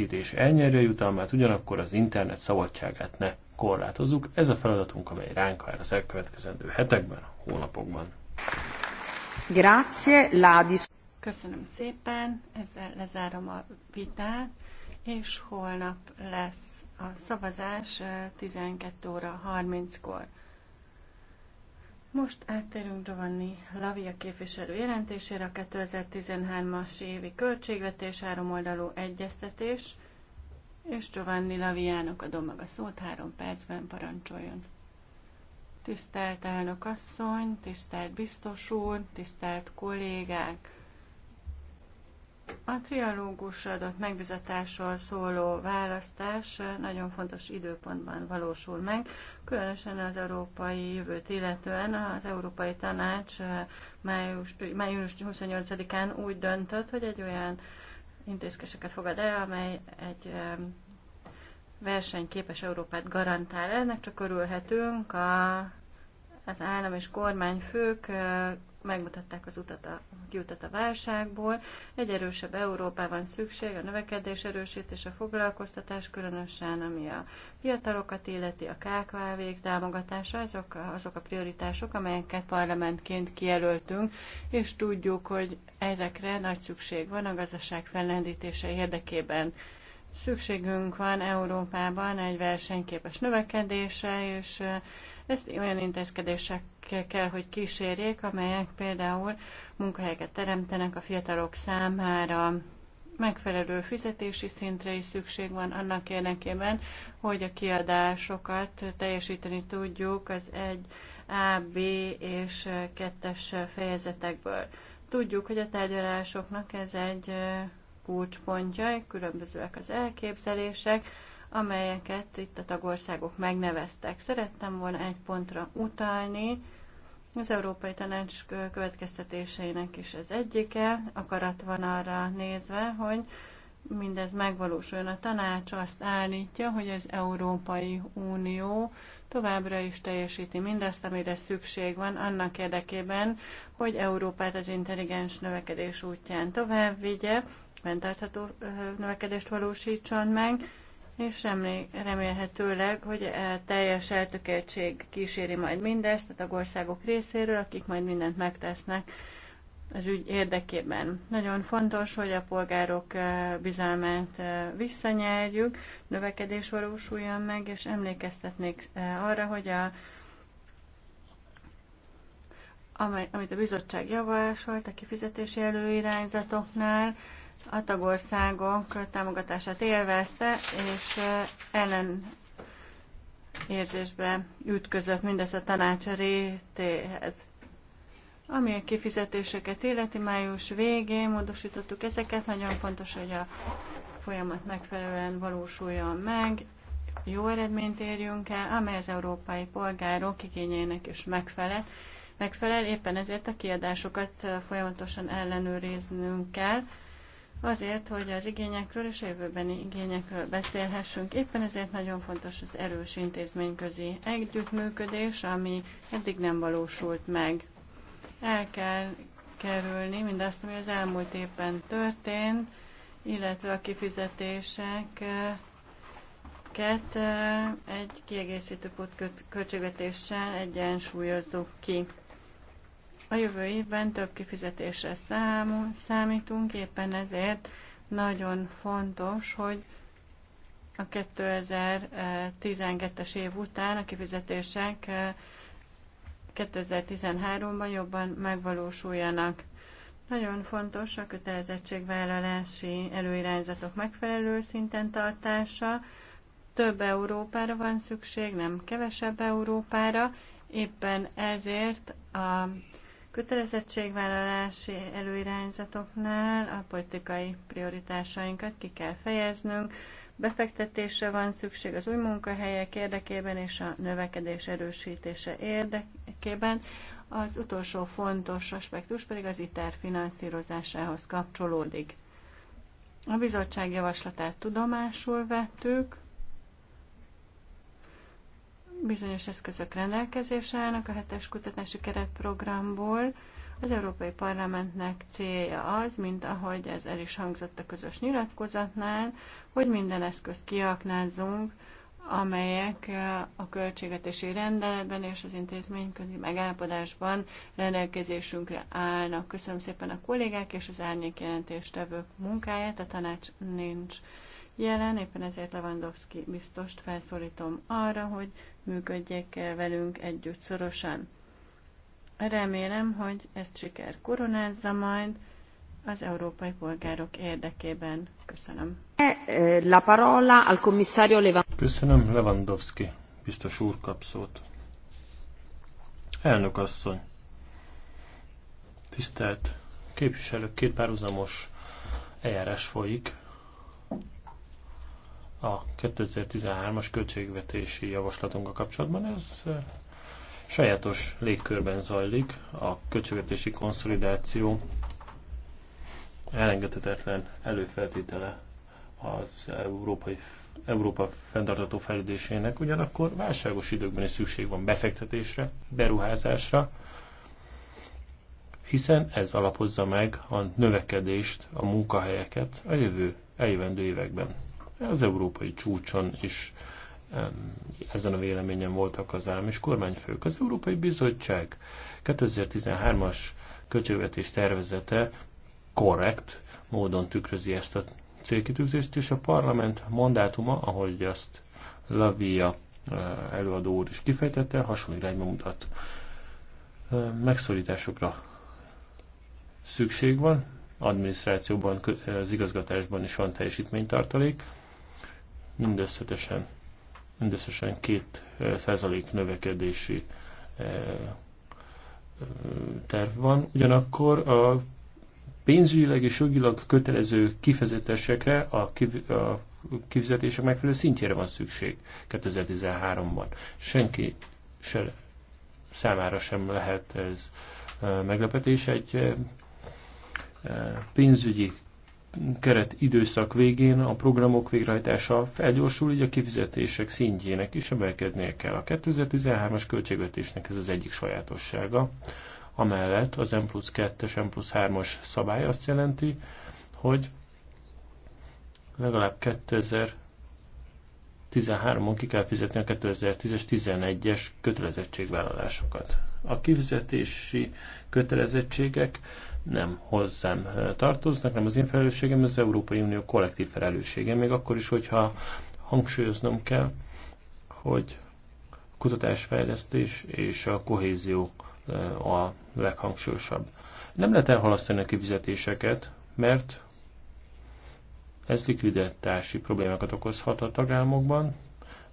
erőfeszítés elnyerje jutalmát, ugyanakkor az internet szabadságát ne korlátozzuk. Ez a feladatunk, amely ránk vár az elkövetkezendő hetekben, hónapokban. Grazie, Ládis. Köszönöm szépen, ezzel lezárom a vitát, és holnap lesz a szavazás 12 eh, óra 30-kor. Most áttérünk Giovanni Lavia képviselő jelentésére a 2013-as évi költségvetés háromoldalú egyeztetés, és Giovanni Laviának adom meg a szót, három percben parancsoljon. Tisztelt elnök asszony, tisztelt biztos úr, tisztelt kollégák, a trialógusra adott megbizatásról szóló választás nagyon fontos időpontban valósul meg, különösen az európai jövőt illetően az Európai Tanács eh, május, május 28-án úgy döntött, hogy egy olyan intézkedéseket fogad el, amely egy versenyképes Európát garantál. Ennek csak örülhetünk, a, az állam és kormányfők eh, megmutatták az utat a, kiutat a válságból. Egy erősebb Európában szükség, a növekedés erősítés, a foglalkoztatás, különösen ami a fiatalokat illeti, a kkv támogatása, azok, azok a prioritások, amelyeket parlamentként kijelöltünk, és tudjuk, hogy ezekre nagy szükség van a gazdaság fellendítése érdekében. Szükségünk van Európában egy versenyképes növekedésre, és ezt olyan intézkedések kell, hogy kísérjék, amelyek például munkahelyeket teremtenek a fiatalok számára, megfelelő fizetési szintre is szükség van annak érdekében, hogy a kiadásokat teljesíteni tudjuk az egy A, B és 2-es fejezetekből. Tudjuk, hogy a tárgyalásoknak ez egy kulcspontja, különbözőek az elképzelések, amelyeket itt a tagországok megneveztek. Szerettem volna egy pontra utalni, az Európai Tanács következtetéseinek is ez egyike. Akarat van arra nézve, hogy mindez megvalósuljon. A tanács azt állítja, hogy az Európai Unió továbbra is teljesíti mindazt, amire szükség van annak érdekében, hogy Európát az intelligens növekedés útján tovább vigye, fenntartható növekedést valósítson meg, és remélhetőleg, hogy teljes eltökéltség kíséri majd mindezt a tagországok részéről, akik majd mindent megtesznek az ügy érdekében. Nagyon fontos, hogy a polgárok bizalmát visszanyerjük, növekedés valósuljon meg, és emlékeztetnék arra, hogy a amit a bizottság javasolt a kifizetési előirányzatoknál, a tagországok támogatását élvezte, és ellen érzésbe ütközött mindez a tanács rétéhez. Ami a kifizetéseket illeti, május végén módosítottuk ezeket, nagyon fontos, hogy a folyamat megfelelően valósuljon meg, jó eredményt érjünk el, amely az európai polgárok igényének is megfelel. Megfelel, éppen ezért a kiadásokat folyamatosan ellenőriznünk kell, azért, hogy az igényekről és a jövőbeni igényekről beszélhessünk. Éppen ezért nagyon fontos az erős intézményközi együttműködés, ami eddig nem valósult meg. El kell kerülni mindazt, ami az elmúlt évben történt, illetve a kifizetéseket eh, egy kiegészítő költségvetéssel egyensúlyozzuk ki. A jövő évben több kifizetésre számol, számítunk, éppen ezért nagyon fontos, hogy a 2012-es év után a kifizetések 2013-ban eh, jobban megvalósuljanak. Nagyon fontos a kötelezettségvállalási előirányzatok megfelelő szinten tartása. Több Európára van szükség, nem kevesebb Európára. Éppen ezért a kötelezettségvállalási előirányzatoknál a politikai prioritásainkat ki kell fejeznünk, befektetésre van szükség az új munkahelyek érdekében és a növekedés erősítése érdekében. Az utolsó fontos aspektus pedig az ITER finanszírozásához kapcsolódik. A bizottság javaslatát tudomásul vettük, bizonyos eszközök rendelkezésre állnak a hetes kutatási keretprogramból. Az Európai Parlamentnek célja az, mint ahogy ez el is hangzott a közös nyilatkozatnál, hogy minden eszközt kiaknázzunk, amelyek a költségvetési rendeletben és az intézményközi megállapodásban rendelkezésünkre állnak. Köszönöm szépen a kollégák és az árnyék jelentéstevők munkáját, a tanács nincs jelen, éppen ezért Lewandowski biztost felszólítom arra, hogy működjék velünk együtt szorosan. Remélem, hogy ezt siker koronázza majd az európai polgárok érdekében. Köszönöm. La parola al commissario Lewandowski. Köszönöm, Lewandowski. Biztos úr kap szót. Elnök asszony. Tisztelt képviselők, két párhuzamos eljárás folyik a 2013-as költségvetési javaslatunkkal kapcsolatban. Ez sajátos légkörben zajlik, a költségvetési konszolidáció elengedhetetlen előfeltétele az európai Európa fenntartató fejlődésének, ugyanakkor válságos időkben is szükség van befektetésre, beruházásra, hiszen ez alapozza meg a növekedést, a munkahelyeket a jövő eljövendő években. Az európai csúcson is ezen a véleményen voltak az állam és kormányfők. Az Európai Bizottság 2013-as költségvetés tervezete korrekt módon tükrözi ezt a célkitűzést, és a parlament mandátuma, ahogy azt Lavia eh, előadó úr is kifejtette, hasonló irányba mutat. Eh, megszorításokra szükség van, adminisztrációban, az igazgatásban is van teljesítménytartalék, mindösszetesen, mindösszesen 2% eh, növekedési eh, eh, terv van. Ugyanakkor a pénzügyileg és jogilag kötelező kifizetésekre a, a kifizetések megfelelő szintjére van szükség 2013-ban. Senki se, számára sem lehet ez meglepetés. Egy pénzügyi keret időszak végén a programok végrehajtása felgyorsul, így a kifizetések szintjének is emelkednie kell. A 2013-as költségvetésnek ez az egyik sajátossága. Amellett az M plusz 2-es, M plusz 3-as szabály azt jelenti, hogy legalább 2013-on ki kell fizetni a 2010-es, 11-es kötelezettségvállalásokat. A kifizetési kötelezettségek nem hozzám tartoznak, nem az én felelősségem, az Európai Unió kollektív felelőssége, még akkor is, hogyha hangsúlyoznom kell, hogy a kutatásfejlesztés és a kohézió a leghangsúlyosabb. Nem lehet elhalasztani a kifizetéseket, mert ez likviditási problémákat okozhat a tagállamokban,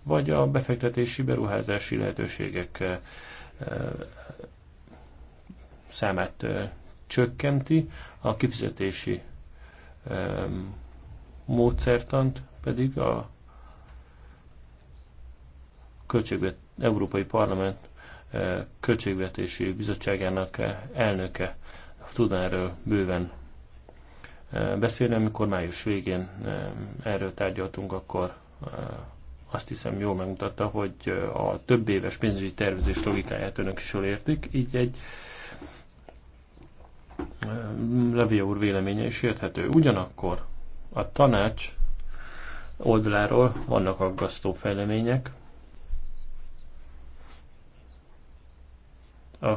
vagy a befektetési beruházási lehetőségek számát csökkenti, a kifizetési módszertant pedig a költségvet, Európai Parlament e, költségvetési bizottságának e, elnöke tudná erről bőven e, beszélni. Amikor május végén erről tárgyaltunk, akkor azt hiszem jól megmutatta, hogy a több éves pénzügyi tervezés logikáját önök is jól értik, így egy Levia úr véleménye is érthető. Ugyanakkor a tanács oldaláról vannak aggasztó fejlemények. A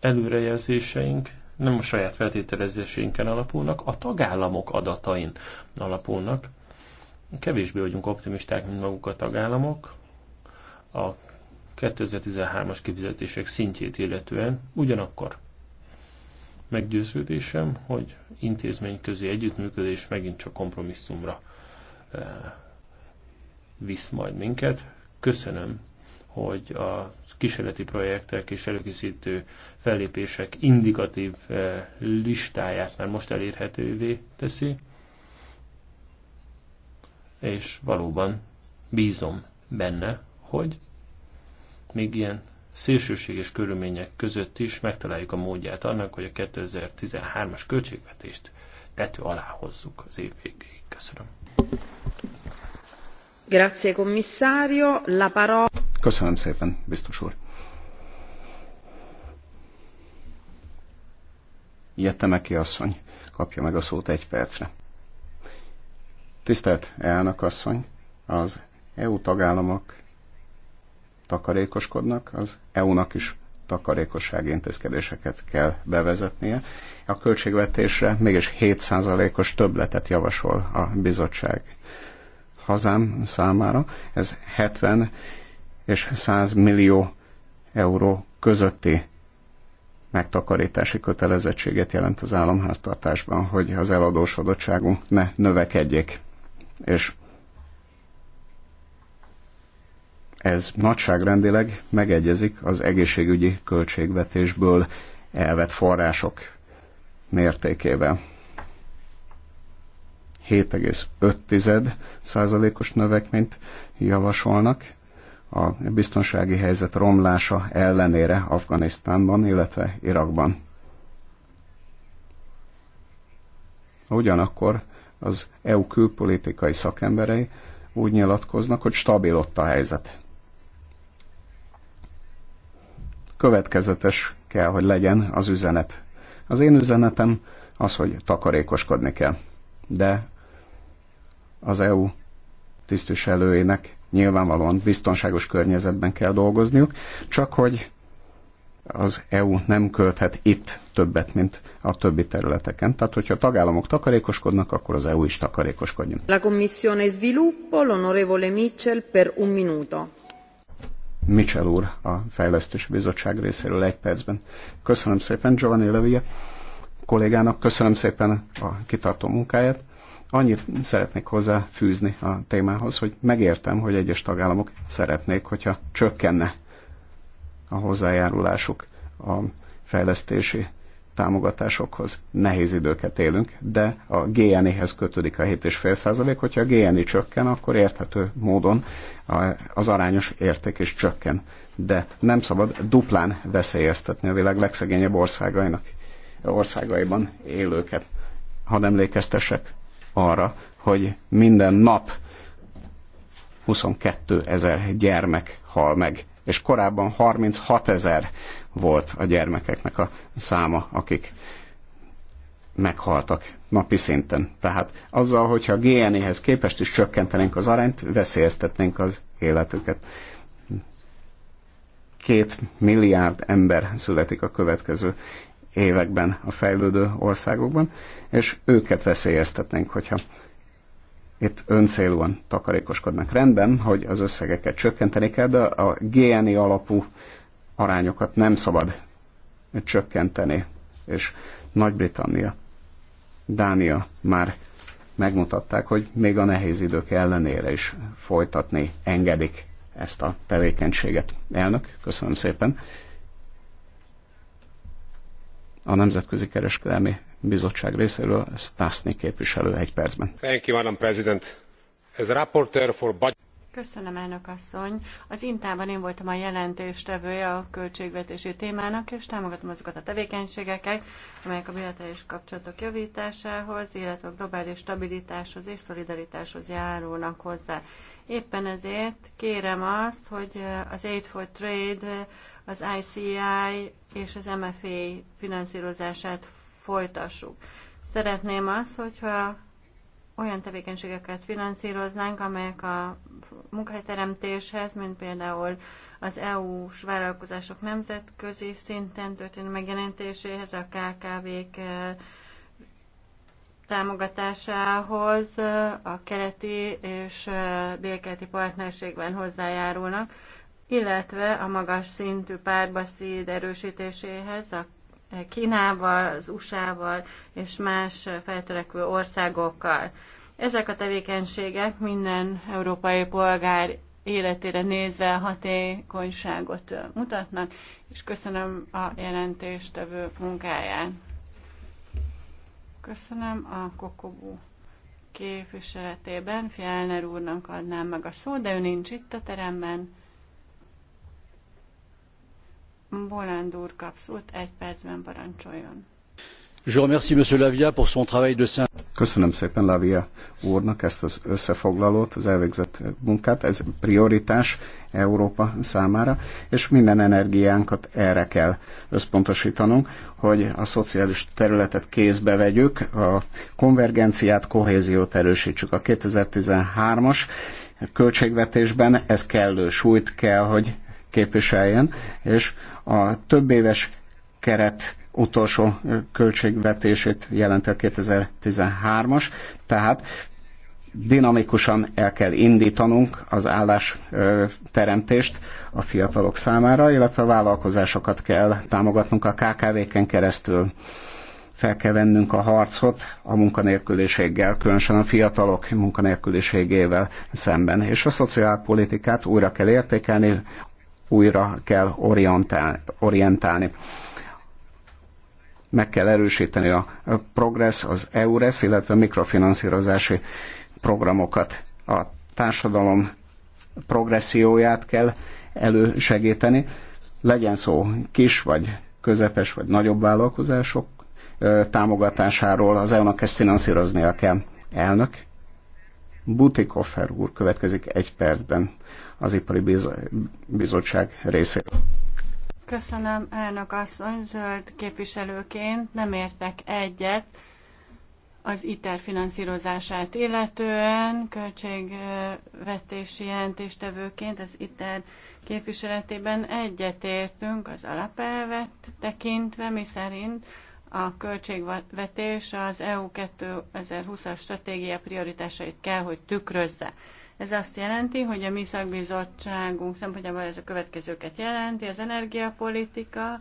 előrejelzéseink nem a saját feltételezéseinken alapulnak, a tagállamok adatain alapulnak. Kevésbé vagyunk optimisták, mint maguk a tagállamok. A 2013-as kifizetések szintjét illetően, ugyanakkor meggyőződésem, hogy intézményközi együttműködés megint csak kompromisszumra eh, visz majd minket. Köszönöm, hogy a kísérleti projektek és előkészítő fellépések indikatív eh, listáját már most elérhetővé teszi, és valóban bízom benne, hogy még ilyen szélsőséges körülmények között is megtaláljuk a módját annak, hogy a 2013-as költségvetést tető alá hozzuk az év végéig. Köszönöm. Grazie, commissario. La parola... Köszönöm szépen, biztos úr. Jettemeki asszony kapja meg a szót egy percre. Tisztelt elnök asszony, az EU tagállamok takarékoskodnak, az EU-nak is takarékossági intézkedéseket kell bevezetnie. A költségvetésre mégis 7%-os többletet javasol a bizottság hazám számára. Ez 70 és 100 millió euró közötti megtakarítási kötelezettséget jelent az államháztartásban, hogy az eladósodottságunk ne növekedjék. És Ez nagyságrendileg megegyezik az egészségügyi költségvetésből elvett források mértékével. 7,5 százalékos növekményt javasolnak a biztonsági helyzet romlása ellenére Afganisztánban, illetve Irakban. Ugyanakkor az EU külpolitikai szakemberei úgy nyilatkoznak, hogy stabil ott a helyzet. következetes kell, hogy legyen az üzenet. Az én üzenetem az, hogy takarékoskodni kell. De az EU tisztviselőinek nyilvánvalóan biztonságos környezetben kell dolgozniuk, csak hogy az EU nem költhet itt többet, mint a többi területeken. Tehát, hogyha a tagállamok takarékoskodnak, akkor az EU is takarékoskodjon. La Commissione Sviluppo, l'onorevole Mitchell per un minuto. Michel úr a Fejlesztési Bizottság részéről egy percben. Köszönöm szépen Giovanni Levia kollégának, köszönöm szépen a kitartó munkáját. Annyit szeretnék hozzá fűzni a témához, hogy megértem, hogy egyes tagállamok szeretnék, hogyha csökkenne a hozzájárulásuk a fejlesztési támogatásokhoz. Nehéz időket élünk, de a GNI-hez kötődik a 7,5%, hogyha a GNI e csökken, akkor érthető módon az arányos érték is csökken. De nem szabad duplán veszélyeztetni a világ legszegényebb országainak, országaiban élőket. Hadd emlékeztessek arra, hogy minden nap 22 ezer gyermek hal meg és korábban 36 ezer volt a gyermekeknek a száma, akik meghaltak napi szinten. Tehát azzal, hogyha a GNI-hez képest is csökkentenénk az arányt, veszélyeztetnénk az életüket. Két milliárd ember születik a következő években a fejlődő országokban, és őket veszélyeztetnénk, hogyha itt öncélúan takarékoskodnak. Rendben, hogy az összegeket csökkenteni kell, de a GNI alapú arányokat nem szabad csökkenteni. És Nagy-Britannia, Dánia már megmutatták, hogy még a nehéz idők ellenére is folytatni engedik ezt a tevékenységet. Elnök, köszönöm szépen a Nemzetközi Kereskedelmi Bizottság részéről Stasny képviselő egy percben. Thank you, Madam President. As rapporteur for budget... Köszönöm, elnök asszony. Az Intában én voltam a jelentéstevője a költségvetési témának, és támogatom azokat a tevékenységeket, amelyek a bilaterális kapcsolatok javításához, illetve a globális stabilitáshoz és szolidaritáshoz járulnak hozzá. Éppen ezért kérem azt, hogy az Aid for Trade, az ICI és az MFA finanszírozását folytassuk. Szeretném azt, hogyha olyan tevékenységeket finanszíroznánk, amelyek a munkahelyteremtéshez, mint például az EU-s vállalkozások nemzetközi szinten történő megjelenítéséhez, a KKV-k támogatásához a keleti és délkeleti partnerségben hozzájárulnak, illetve a magas szintű párbeszéd erősítéséhez a e, Kínával, az USA-val és más feltörekvő országokkal. Ezek a tevékenységek minden európai polgár életére nézve hatékonyságot mutatnak, és köszönöm a jelentéstevő munkáját. Köszönöm a Kokobú képviseletében Fjellner úrnak adnám meg a szót, de ő nincs itt a teremben. Boland úr kap szót, egy percben parancsoljon. Je remercie Monsieur Lavia pour son travail de Köszönöm szépen Lavia úrnak ezt az összefoglalót, az elvégzett munkát. Ez prioritás Európa számára, és minden energiánkat erre kell összpontosítanunk, hogy a szociális területet kézbe vegyük, a konvergenciát, kohéziót erősítsük. A 2013-as költségvetésben ez kellő súlyt kell, hogy képviseljen, és a több éves keret utolsó költségvetését jelenti 2013-as, tehát dinamikusan el kell indítanunk az állásteremtést a fiatalok számára, illetve a vállalkozásokat kell támogatnunk a KKV-ken keresztül. Fel kell vennünk a harcot a munkanélküliséggel, különösen a fiatalok munkanélküliségével szemben. És a szociálpolitikát újra kell értékelni, újra kell orientálni meg kell erősíteni a Progress, az EURES, illetve mikrofinanszírozási programokat. A társadalom progresszióját kell elősegíteni, legyen szó kis vagy közepes vagy nagyobb vállalkozások támogatásáról, az EU-nak ezt finanszíroznia kell. Elnök, Butikoffer úr következik egy percben az Ipari Bizottság részéről. Köszönöm, elnök asszony, zöld képviselőként nem értek egyet az ITER finanszírozását illetően, költségvetési jelentéstevőként az ITER képviseletében egyetértünk az alapelvet tekintve, mi szerint a költségvetés az EU 2020-as stratégia prioritásait kell, hogy tükrözze. Ez azt jelenti, hogy a mi szakbizottságunk szempontjából ez a következőket jelenti, az energiapolitika,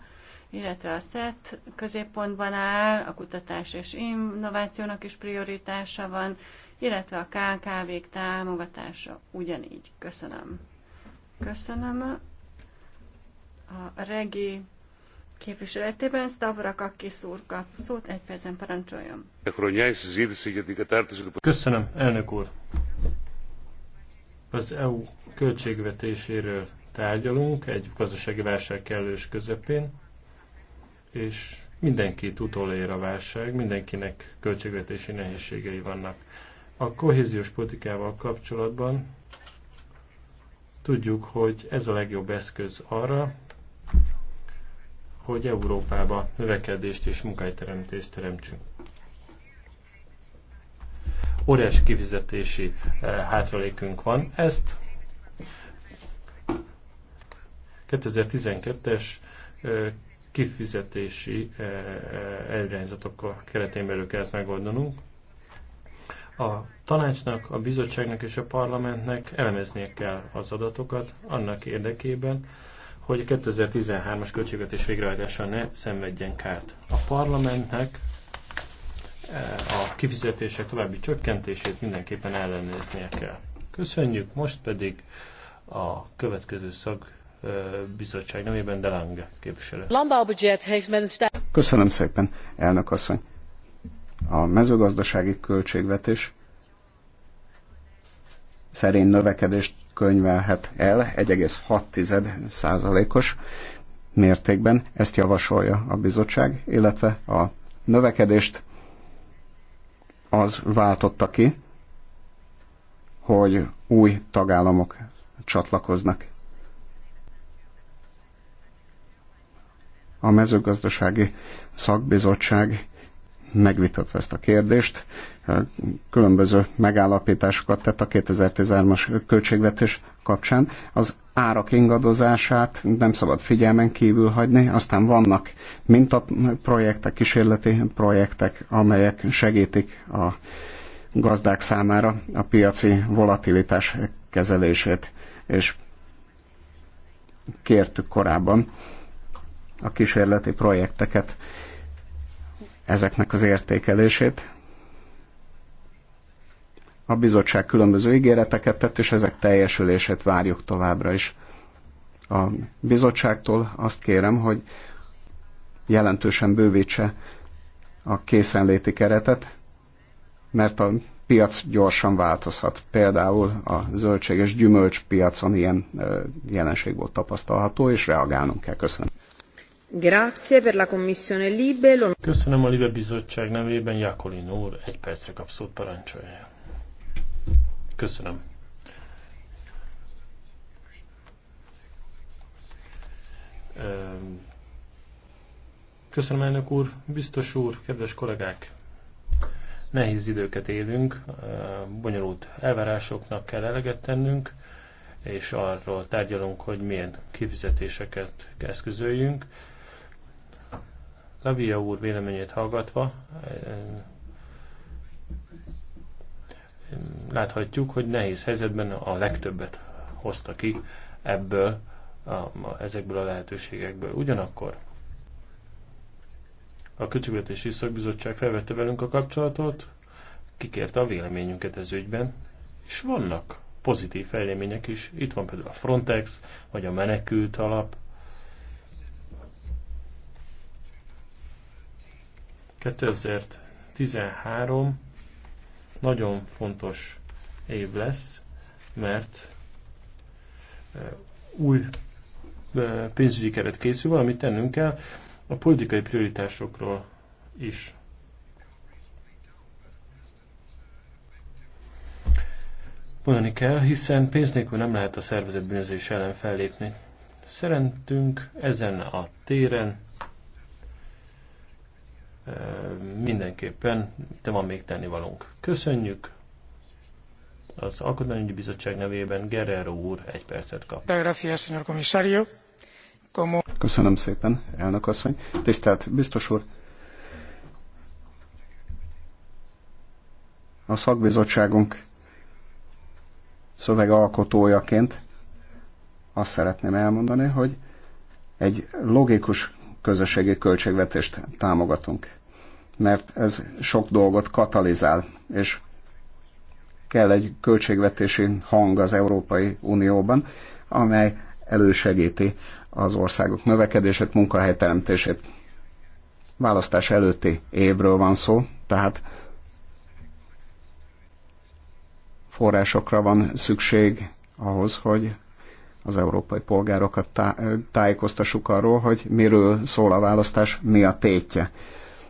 illetve a SZET középpontban áll, a kutatás és innovációnak is prioritása van, illetve a KKV-k támogatása ugyanígy. Köszönöm. Köszönöm. A regi képviseletében Stavrakakis úr kap szót, egy percen parancsoljon. Köszönöm, elnök úr az EU költségvetéséről tárgyalunk egy gazdasági válság kellős közepén, és mindenkit utolér a válság, mindenkinek költségvetési nehézségei vannak. A kohéziós politikával kapcsolatban tudjuk, hogy ez a legjobb eszköz arra, hogy Európába növekedést és munkájteremtést teremtsünk óriási kifizetési eh, hátralékünk van. Ezt 2012-es eh, kifizetési eh, előirányzatok keretén belül kellett megoldanunk. A tanácsnak, a bizottságnak és a parlamentnek elemeznie kell az adatokat annak érdekében, hogy a 2013-as költségvetés végrehajtása ne szenvedjen kárt. A parlamentnek Eh, a kifizetések további csökkentését mindenképpen ellenéznie kell. Köszönjük, most pedig a következő szag eh, bizottság nevében Delange képviselő. Köszönöm szépen, elnök asszony. A mezőgazdasági költségvetés szerint növekedést könyvelhet el 1,6 os mértékben, ezt javasolja a bizottság, illetve a növekedést az váltotta ki, hogy új tagállamok csatlakoznak. A mezőgazdasági szakbizottság megvitatva ezt a kérdést, különböző megállapításokat tett a 2013-as költségvetés kapcsán. Az árak ingadozását nem szabad figyelmen kívül hagyni, aztán vannak mintaprojektek, kísérleti projektek, amelyek segítik a gazdák számára a piaci volatilitás kezelését, és kértük korábban a kísérleti projekteket, ezeknek az értékelését, a bizottság különböző ígéreteket tett, és ezek teljesülését várjuk továbbra is. A bizottságtól azt kérem, hogy jelentősen bővítse a készenléti keretet, mert a piac gyorsan változhat. Például a zöldség és gyümölcs piacon ilyen jelenség volt tapasztalható, és reagálnunk kell. Köszönöm. Grazie per la commissione Libe. Köszönöm a Libe bizottság nevében, Jakolin úr, egy percre kapszót parancsolja. Köszönöm. Köszönöm, elnök úr, biztos úr, kedves kollégák! Nehéz időket élünk, bonyolult elvárásoknak kell eleget tennünk, és arról tárgyalunk, hogy milyen kifizetéseket eszközöljünk. Lavia úr véleményét hallgatva, láthatjuk, hogy nehéz helyzetben a legtöbbet hozta ki ebből, a, a, ezekből a lehetőségekből. Ugyanakkor a Költségvetési Szakbizottság felvette velünk a kapcsolatot, kikérte a véleményünket ez ügyben, és vannak pozitív fejlemények is. Itt van például a Frontex, vagy a menekült alap. 2013 nagyon fontos év lesz, mert új pénzügyi keret készül, valamit tennünk kell. A politikai prioritásokról is mondani kell, hiszen pénz nélkül nem lehet a szervezetbűnözés ellen fellépni. Szerintünk ezen a téren mindenképpen te van még tennivalónk. Köszönjük! Az Alkotmányügyi Bizottság nevében Guerrero úr egy percet kap. Köszönöm szépen, elnök asszony. Tisztelt biztos úr! A szakbizottságunk szövegalkotójaként azt szeretném elmondani, hogy egy logikus közösségi költségvetést támogatunk mert ez sok dolgot katalizál, és kell egy költségvetési hang az Európai Unióban, amely elősegíti az országok növekedését, munkahelyteremtését. Választás előtti évről van szó, tehát forrásokra van szükség ahhoz, hogy az európai polgárokat tá- tájékoztassuk arról, hogy miről szól a választás, mi a tétje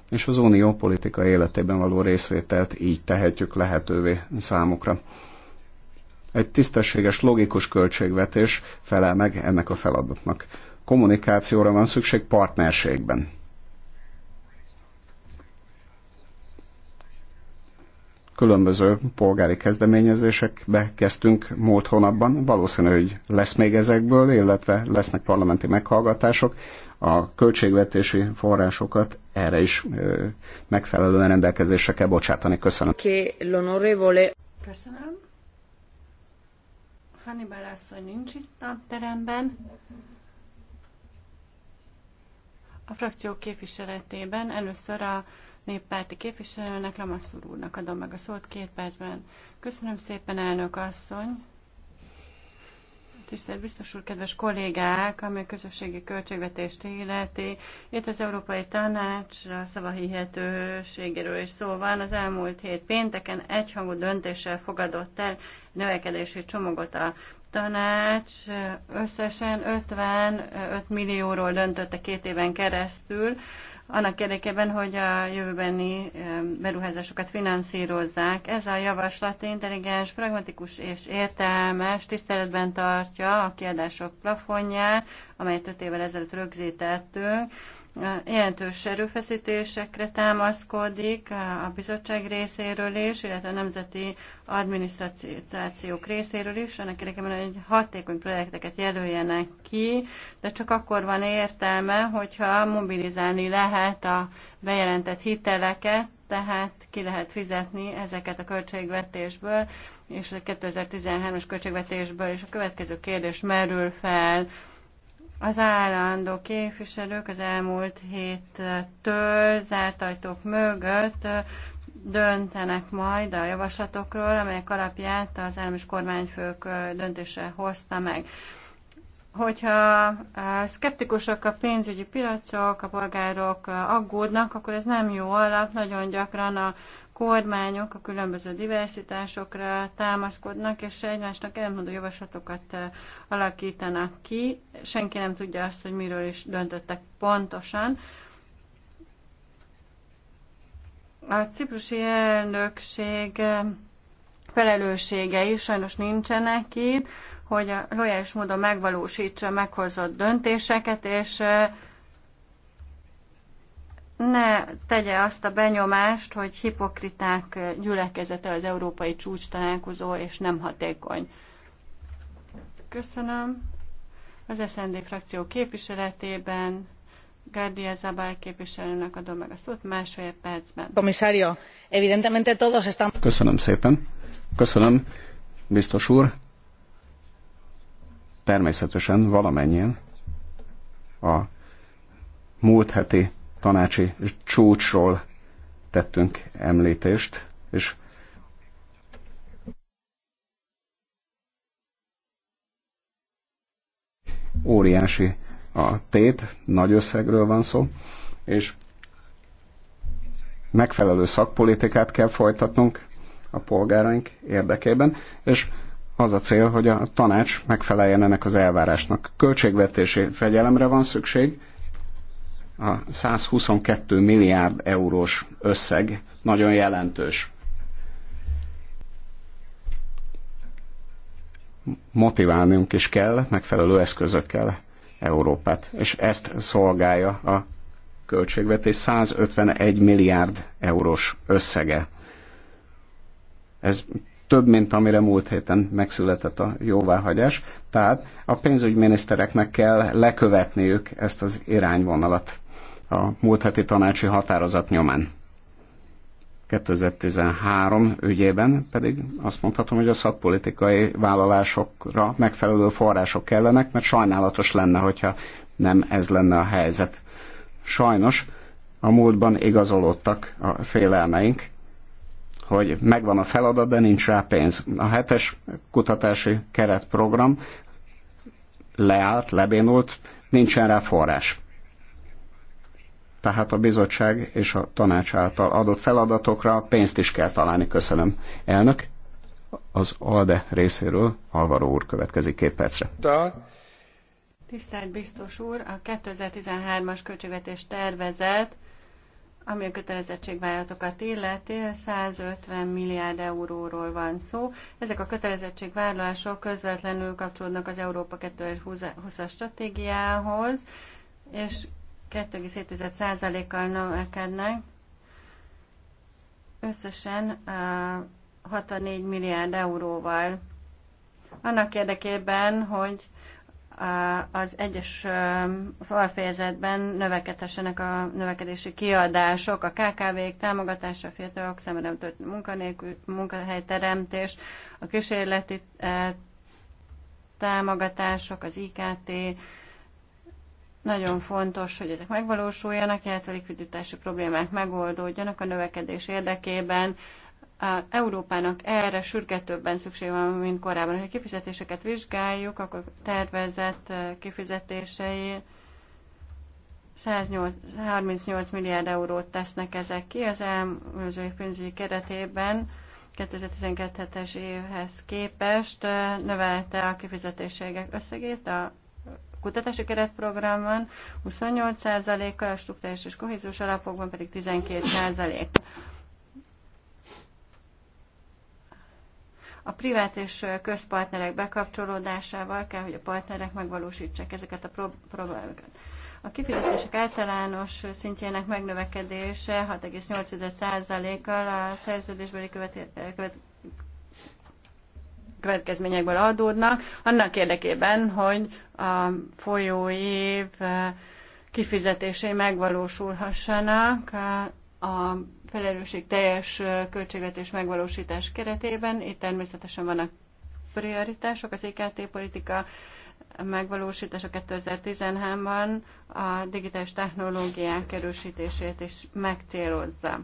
és az unió politika életében való részvételt így tehetjük lehetővé számukra. Egy tisztességes, logikus költségvetés felel meg ennek a feladatnak. Kommunikációra van szükség partnerségben. Különböző polgári kezdeményezésekbe kezdtünk múlt hónapban, valószínű, hogy lesz még ezekből, illetve lesznek parlamenti meghallgatások, a költségvetési forrásokat erre is megfelelően rendelkezésre kell bocsátani. Köszönöm. Köszönöm. Hannibal asszony nincs itt a teremben. A frakció képviseletében először a néppárti képviselőnek, Lamasszur úrnak adom meg a szót két percben. Köszönöm szépen, elnök asszony! Tisztelt biztos úr, kedves kollégák, ami a közösségi költségvetést illeti, itt az Európai Tanács szavahihetőségéről is szó van. Az elmúlt hét pénteken egyhangú döntéssel fogadott el növekedési csomagot a tanács. Összesen 55 millióról döntötte két éven keresztül annak érdekében, hogy a jövőbeni beruházásokat finanszírozzák. Ez a javaslat intelligens, pragmatikus és értelmes, tiszteletben tartja a kiadások plafonját, amelyet 5 évvel ezelőtt rögzítettünk, jelentős erőfeszítésekre támaszkodik a bizottság részéről is, illetve a nemzeti adminisztrációk részéről is, annak érdekében, hogy hatékony projekteket jelöljenek ki, de csak akkor van értelme, hogyha mobilizálni lehet a bejelentett hiteleket, tehát ki lehet fizetni ezeket a költségvetésből, és a 2013-as költségvetésből, és a következő kérdés merül fel, az állandó képviselők az elmúlt héttől zárt ajtók mögött döntenek majd a javaslatokról, amelyek alapját az állam kormányfők döntése hozta meg. Hogyha szkeptikusok a pénzügyi piacok, a polgárok aggódnak, akkor ez nem jó alap, nagyon gyakran a kormányok a különböző diversitásokra támaszkodnak, és egymásnak ellentmondó javaslatokat eh, alakítanak ki. Senki nem tudja azt, hogy miről is döntöttek pontosan. A ciprusi elnökség eh, felelősségei sajnos nincsenek itt, hogy a lojális módon megvalósítsa meghozott döntéseket, és eh, ne tegye azt a benyomást, hogy hipokriták gyülekezete az európai csúcs találkozó, és nem hatékony. Köszönöm. Az SND frakció képviseletében Gárdia Zabál képviselőnek adom meg a szót másfél percben. Komisario, evidentemente todos están. Köszönöm szépen. Köszönöm, biztos úr. Természetesen valamennyien a múlt heti tanácsi csúcsról tettünk említést, és óriási a tét, nagy összegről van szó, és megfelelő szakpolitikát kell folytatnunk a polgáraink érdekében, és az a cél, hogy a tanács megfeleljen ennek az elvárásnak. Költségvetési fegyelemre van szükség, a 122 milliárd eurós összeg nagyon jelentős. Motiválnunk is kell megfelelő eszközökkel Európát, és ezt szolgálja a költségvetés 151 milliárd eurós összege. Ez több, mint amire múlt héten megszületett a jóváhagyás, tehát a pénzügyminisztereknek kell lekövetniük ezt az irányvonalat a múlt heti tanácsi határozat nyomán. 2013 ügyében pedig azt mondhatom, hogy a szakpolitikai vállalásokra megfelelő források kellenek, mert sajnálatos lenne, hogyha nem ez lenne a helyzet. Sajnos a múltban igazolódtak a félelmeink, hogy megvan a feladat, de nincs rá pénz. A hetes kutatási keretprogram leállt, lebénult, nincsen rá forrás. Tehát a bizottság és a tanács által adott feladatokra pénzt is kell találni. Köszönöm. Elnök, az ALDE részéről Alvaro úr következik két percre. Tisztelt biztos úr, a 2013-as költségvetés tervezet, ami a kötelezettségvállalatokat illeti, 150 milliárd euróról van szó. Ezek a kötelezettségvállalások közvetlenül kapcsolódnak az Európa 2020-as stratégiához, és 2,7%-kal növekednek. Összesen 64 milliárd euróval. Annak érdekében, hogy az egyes falfejezetben növekedhessenek a növekedési kiadások, a KKV-k támogatása, a fiatalok számára történő munkanélkül, munkahelyteremtés, a kísérleti támogatások, az IKT, nagyon fontos, hogy ezek megvalósuljanak, illetve likviditási problémák megoldódjanak a növekedés érdekében. A Európának erre sürgetőbben szükség van, mint korábban. Ha a kifizetéseket vizsgáljuk, akkor tervezett eh, kifizetései 138 milliárd eurót tesznek ezek ki az elmúlt pénzügyi keretében. 2012-es évhez képest eh, növelte a kifizetéségek összegét a kutatási keretprogramban 28%-a, a struktúrás és kohéziós alapokban pedig 12%. A privát és közpartnerek bekapcsolódásával kell, hogy a partnerek megvalósítsák ezeket a problémákat. A kifizetések általános szintjének megnövekedése 6,8%-kal a szerződésbeli követ- követ- következményekből adódnak, annak érdekében, hogy a folyó év eh, kifizetései megvalósulhassanak eh, a felelősség teljes eh, költségvetés megvalósítás keretében. Itt természetesen vannak prioritások, az IKT politika megvalósítása 2013-ban a digitális technológiák erősítését is megcélozza.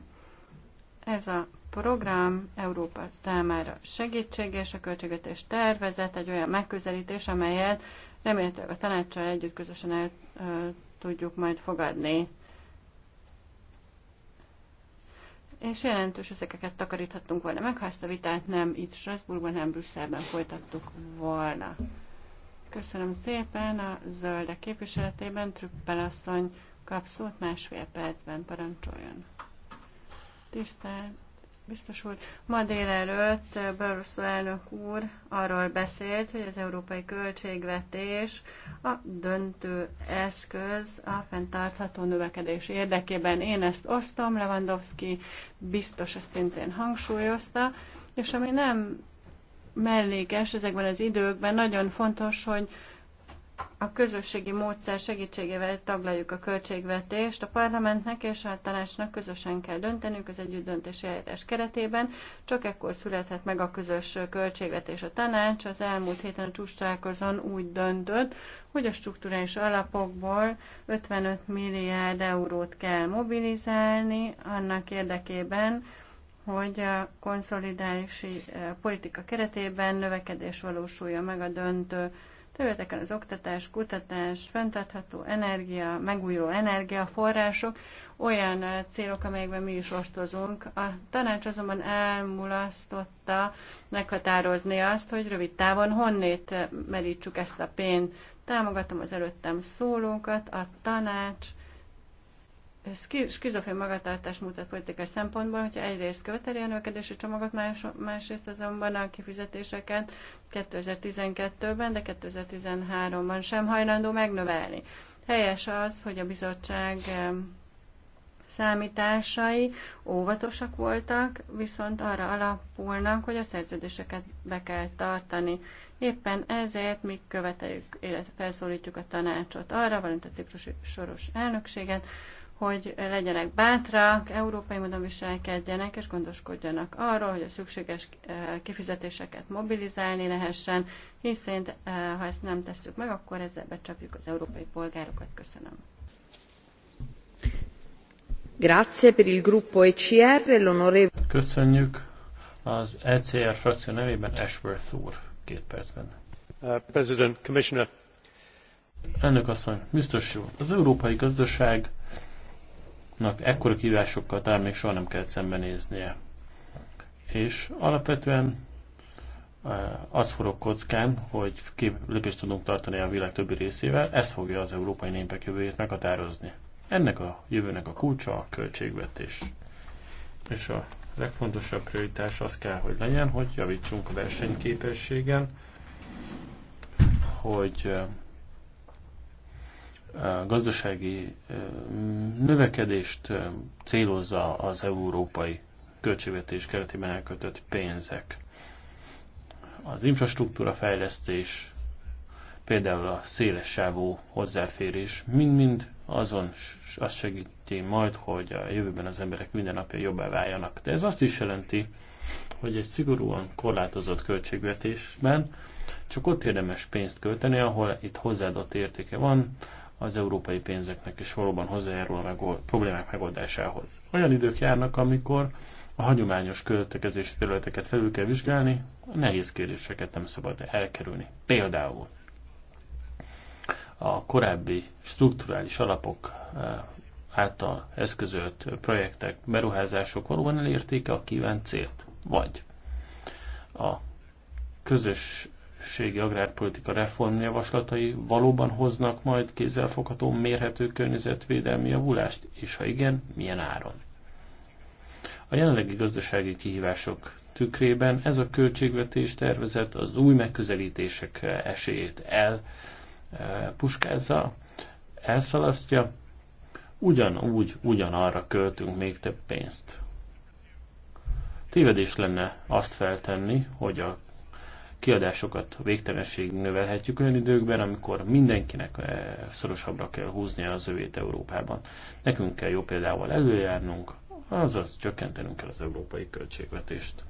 Ez a program Európa számára segítség és a költségvetés tervezet egy olyan megközelítés, amelyet remélhetőleg a tanácssal együtt közösen el ö, tudjuk majd fogadni. És jelentős összegeket takaríthattunk volna meg, ha ezt a vitát nem itt Strasbourgban, nem Brüsszelben folytattuk volna. Köszönöm szépen a zöldek képviseletében, Trüppel asszony kap szót másfél percben, parancsoljon. Tisztelt Biztos úr, ma délelőtt eh, Barroso elnök úr arról beszélt, hogy az európai költségvetés a döntő eszköz a fenntartható növekedés érdekében. Én ezt osztom, Lewandowski biztos ezt szintén hangsúlyozta, és ami nem mellékes ezekben az időkben, nagyon fontos, hogy a közösségi módszer segítségével taglaljuk a költségvetést. A parlamentnek és a tanácsnak közösen kell döntenünk az együttdöntési eljárás keretében. Csak ekkor születhet meg a közös költségvetés. A tanács az elmúlt héten a csúcstalálkozón úgy döntött, hogy a struktúrális alapokból 55 milliárd eurót kell mobilizálni annak érdekében, hogy a konszolidálási eh, politika keretében növekedés valósulja meg a döntő területeken az oktatás, kutatás, fenntartható energia, megújuló energiaforrások, olyan célok, amelyekben mi is osztozunk. A tanács azonban elmulasztotta meghatározni azt, hogy rövid távon honnét merítsük ezt a pénzt. Támogatom az előttem szólókat, a tanács skizofén magatartás mutat politikai szempontból, hogyha egyrészt követeli a növekedési csomagot, más, másrészt azonban a kifizetéseket 2012-ben, de 2013-ban sem hajlandó megnövelni. Helyes az, hogy a bizottság számításai óvatosak voltak, viszont arra alapulnak, hogy a szerződéseket be kell tartani. Éppen ezért mi követeljük, illetve felszólítjuk a tanácsot arra, valamint a ciprusi soros elnökséget, hogy legyenek bátrak, európai módon viselkedjenek, és gondoskodjanak arról, hogy a szükséges eh, kifizetéseket mobilizálni lehessen, hiszen eh, ha ezt nem tesszük meg, akkor ezzel becsapjuk az európai polgárokat. Köszönöm. Grazie per il gruppo ECR, l'onorevole. Köszönjük az ECR frakció nevében Ashworth úr, két percben. Uh, President, Commissioner. Elnök asszony, biztos jó. az európai gazdaság ekkora kívásokkal talán még soha nem kellett szembenéznie. És alapvetően eh, az forog kockán, hogy kép, lépést tudunk tartani a világ többi részével, ez fogja az európai népek jövőjét meghatározni. Ennek a jövőnek a kulcsa a költségvetés. És a legfontosabb prioritás az kell, hogy legyen, hogy javítsunk a versenyképességen, hogy eh, gazdasági növekedést célozza az európai költségvetés keretében elkötött pénzek. Az infrastruktúra fejlesztés, például a széles sávú hozzáférés mind-mind azon azt segíti majd, hogy a jövőben az emberek minden napja jobbá váljanak. De ez azt is jelenti, hogy egy szigorúan korlátozott költségvetésben csak ott érdemes pénzt költeni, ahol itt hozzáadott értéke van, az európai pénzeknek is valóban hozzájárul a megold, problémák megoldásához. Olyan idők járnak, amikor a hagyományos költekezési területeket felül kell vizsgálni, a nehéz kérdéseket nem szabad elkerülni. Például a korábbi strukturális alapok eh, által eszközölt projektek, beruházások valóban elértéke a kívánt célt, vagy a közös közösségi agrárpolitika reformjavaslatai valóban hoznak majd kézzelfogható, mérhető környezetvédelmi javulást, és ha igen, milyen áron? A jelenlegi gazdasági kihívások tükrében ez a költségvetés tervezet az új megközelítések esélyét el e, puskázza, elszalasztja, ugyanúgy, ugyanarra költünk még több pénzt. Tévedés lenne azt feltenni, hogy a kiadásokat végtelenség növelhetjük olyan időkben, amikor mindenkinek eh, szorosabbra kell húznia az övét Európában. Nekünk kell jó példával előjárnunk, azaz csökkentenünk kell az európai költségvetést.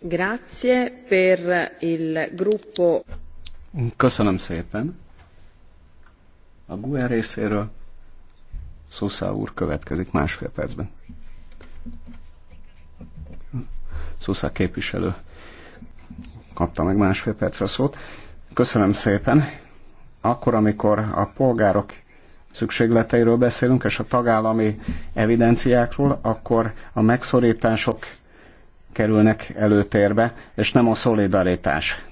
Grazie per il gruppo. Köszönöm szépen. A GUE részéről Szószá úr következik másfél percben. Szusza képviselő kapta meg másfél percre szót. Köszönöm szépen. Akkor, amikor a polgárok szükségleteiről beszélünk, és a tagállami evidenciákról, akkor a megszorítások kerülnek előtérbe, és nem a szolidaritás.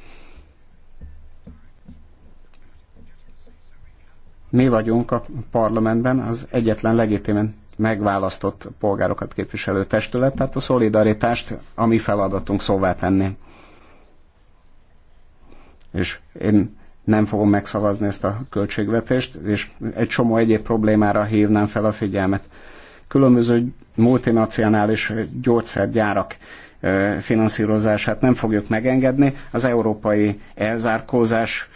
Mi vagyunk a parlamentben az egyetlen legitimen megválasztott polgárokat képviselő testület, tehát a szolidaritást a mi feladatunk szóvá tenni. És én nem fogom megszavazni ezt a költségvetést, és egy csomó egyéb problémára hívnám fel a figyelmet. Különböző multinacionális gyógyszergyárak finanszírozását nem fogjuk megengedni. Az európai elzárkózás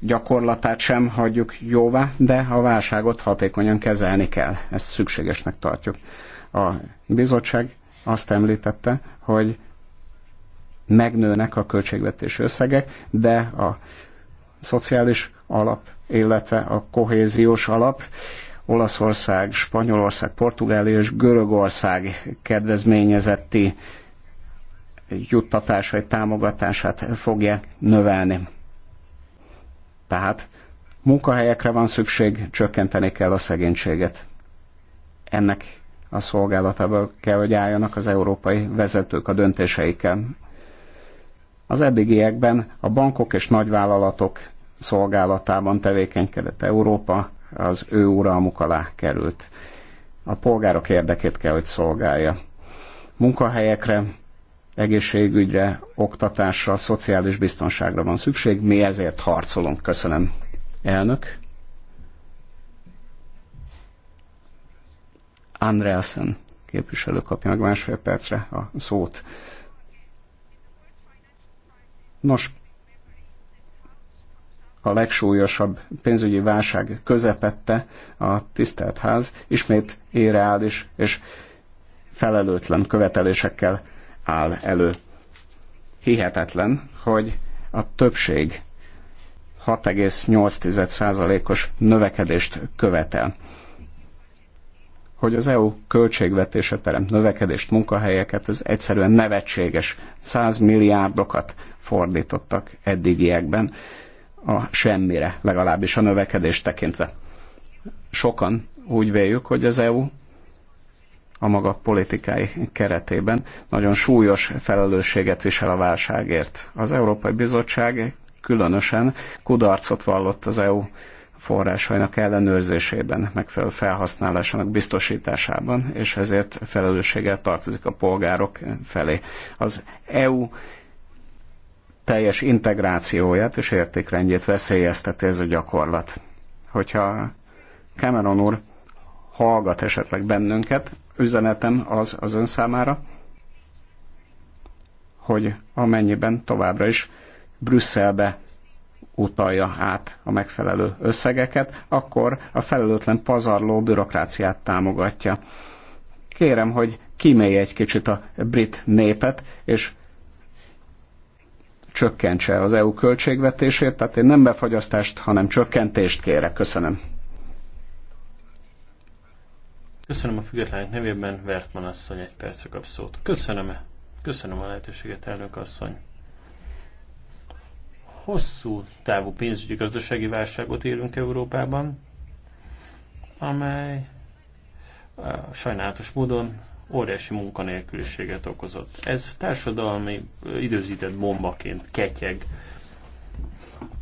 gyakorlatát sem hagyjuk jóvá, de a válságot hatékonyan kezelni kell. Ezt szükségesnek tartjuk. A bizottság azt említette, hogy megnőnek a költségvetés összegek, de a szociális alap, illetve a kohéziós alap Olaszország, Spanyolország, Portugália és Görögország kedvezményezetti juttatásai támogatását fogja növelni. Tehát munkahelyekre van szükség, csökkenteni kell a szegénységet. Ennek a szolgálatával kell, hogy álljanak az európai vezetők a döntéseikkel. Az eddigiekben a bankok és nagyvállalatok szolgálatában tevékenykedett Európa, az ő uralmuk alá került. A polgárok érdekét kell, hogy szolgálja. Munkahelyekre, egészségügyre, oktatásra, szociális biztonságra van szükség, mi ezért harcolunk. Köszönöm. Elnök. Andreasen képviselő kapja meg másfél percre a szót. Nos, a legsúlyosabb pénzügyi válság közepette a tisztelt ház ismét irreális és felelőtlen követelésekkel áll elő. Hihetetlen, hogy a többség 6,8%-os növekedést követel. Hogy az EU költségvetése teremt növekedést, munkahelyeket, ez egyszerűen nevetséges. 100 milliárdokat fordítottak eddigiekben a semmire, legalábbis a növekedést tekintve. Sokan úgy véljük, hogy az EU a maga politikai keretében nagyon súlyos felelősséget visel a válságért. Az Európai Bizottság különösen kudarcot vallott az EU forrásainak ellenőrzésében, megfelelő felhasználásának biztosításában, és ezért felelősséggel tartozik a polgárok felé. Az EU teljes integrációját és értékrendjét veszélyezteti ez a gyakorlat. Hogyha Cameron úr hallgat esetleg bennünket, üzenetem az az ön számára, hogy amennyiben továbbra is Brüsszelbe utalja át a megfelelő összegeket, akkor a felelőtlen pazarló bürokráciát támogatja. Kérem, hogy kímélje egy kicsit a brit népet, és csökkentse az EU költségvetését, tehát én nem befagyasztást, hanem csökkentést kérek. Köszönöm. Köszönöm a függetlenek nevében, Vertman asszony egy percre kap szót. Köszönöm, köszönöm a lehetőséget, elnök asszony. Hosszú távú pénzügyi gazdasági válságot élünk Európában, amely sajnálatos módon óriási munkanélküliséget okozott. Ez társadalmi időzített bombaként ketyeg,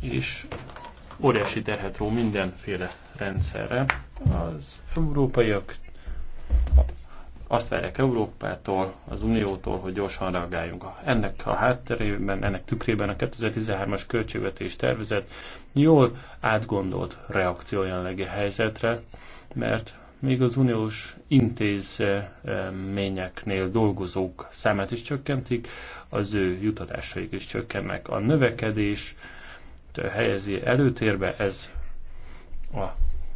és óriási terhet ró mindenféle rendszerre. Az európaiak azt várják Európától, az Uniótól, hogy gyorsan reagáljunk. Ennek a hátterében, ennek tükrében a 2013-as költségvetés tervezet jól átgondolt reakció jelenlegi helyzetre, mert még az uniós intézményeknél dolgozók számát is csökkentik, az ő jutatásaik is csökkennek. A növekedés helyezi előtérbe, ez a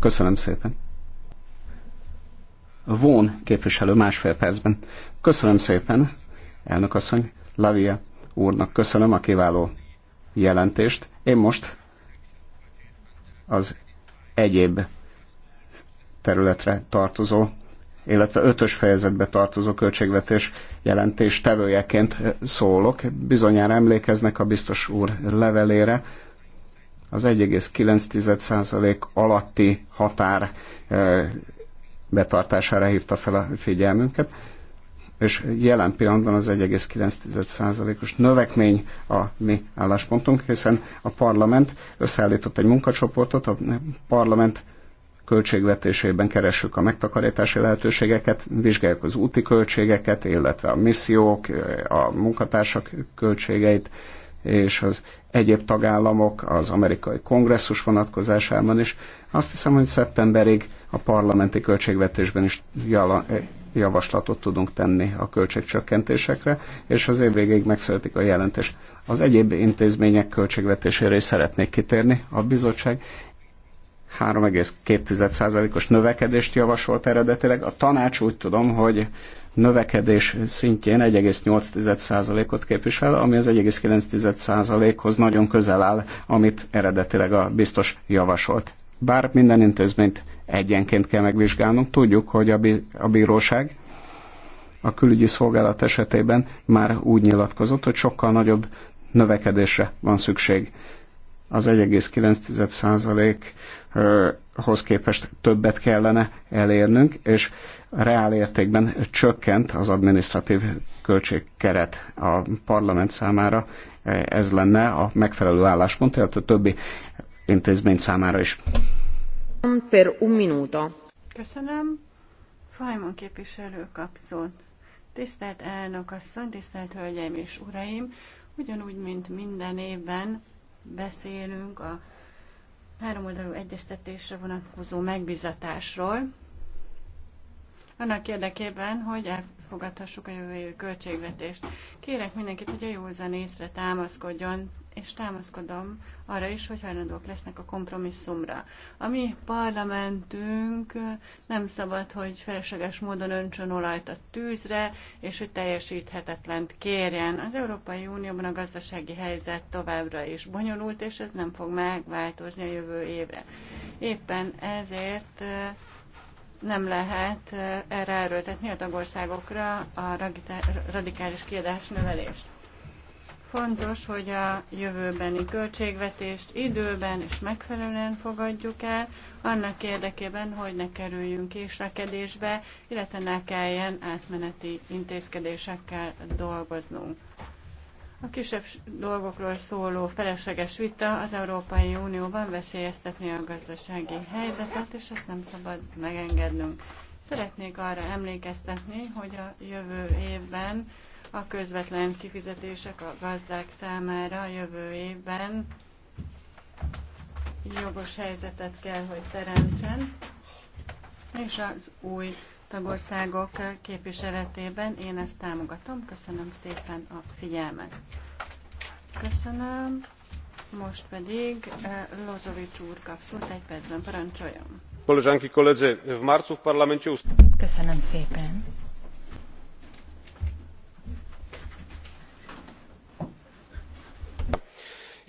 Köszönöm szépen. Vaughan képviselő másfél percben. Köszönöm szépen, elnök asszony, Lavia úrnak köszönöm a kiváló jelentést. Én most az egyéb területre tartozó illetve ötös fejezetbe tartozó költségvetés jelentés tevőjeként szólok. Bizonyára emlékeznek a biztos úr levelére, az 1,9% alatti határ eh, betartására hívta fel a figyelmünket, és jelen pillanatban az 1,9%-os növekmény a mi álláspontunk, hiszen a parlament összeállított egy munkacsoportot, a parlament költségvetésében keressük a megtakarítási lehetőségeket, vizsgáljuk az úti költségeket, illetve a missziók, a munkatársak költségeit, és az egyéb tagállamok, az amerikai kongresszus vonatkozásában is. Azt hiszem, hogy szeptemberig a parlamenti költségvetésben is eh, javaslatot tudunk tenni a költségcsökkentésekre, és az év végéig megszületik a jelentés. Az egyéb intézmények költségvetésére is szeretnék kitérni. A bizottság 3,2%-os növekedést javasolt eredetileg. A tanács úgy tudom, hogy növekedés szintjén 1,8%-ot képvisel, ami az 1,9%-hoz nagyon közel áll, amit eredetileg a biztos javasolt. Bár minden intézményt egyenként kell megvizsgálnunk, tudjuk, hogy a, bí- a bíróság a külügyi szolgálat esetében már úgy nyilatkozott, hogy sokkal nagyobb növekedésre van szükség az 1,9%-hoz képest többet kellene elérnünk, és reál értékben csökkent az adminisztratív költségkeret a parlament számára. Ez lenne a megfelelő álláspont, illetve a többi intézmény számára is. Per un minuto. Köszönöm. Fajmon képviselő kapszót. Tisztelt elnök asszony, tisztelt hölgyeim és uraim! Ugyanúgy, mint minden évben, beszélünk, a háromoldalú egyeztetésre vonatkozó megbizatásról, annak érdekében, hogy elfogadhassuk a jövő költségvetést. Kérek mindenkit, hogy a józan észre támaszkodjon, és támaszkodom arra is, hogy hajlandók lesznek a kompromisszumra. A mi parlamentünk nem szabad, hogy felesleges módon öntsön olajt a tűzre, és hogy teljesíthetetlent kérjen. Az Európai Unióban a gazdasági helyzet továbbra is bonyolult, és ez nem fog megváltozni a jövő évre. Éppen ezért nem lehet erre erőltetni a tagországokra a radikális kiadás növelést. Fontos, hogy a jövőbeni költségvetést időben és megfelelően fogadjuk el, annak érdekében, hogy ne kerüljünk késlekedésbe, illetve ne kelljen átmeneti intézkedésekkel dolgoznunk. A kisebb dolgokról szóló felesleges vita az Európai Unióban veszélyeztetni a gazdasági helyzetet, és ezt nem szabad megengednünk. Szeretnék arra emlékeztetni, hogy a jövő évben a közvetlen kifizetések a gazdák számára a jövő évben jogos helyzetet kell, hogy teremtsen, és az új tagországok képviseletében. Én ezt támogatom. Köszönöm szépen a figyelmet. Köszönöm. Most pedig eh, Lozovics úr kap szót, egy percben parancsoljon. Köszönöm szépen.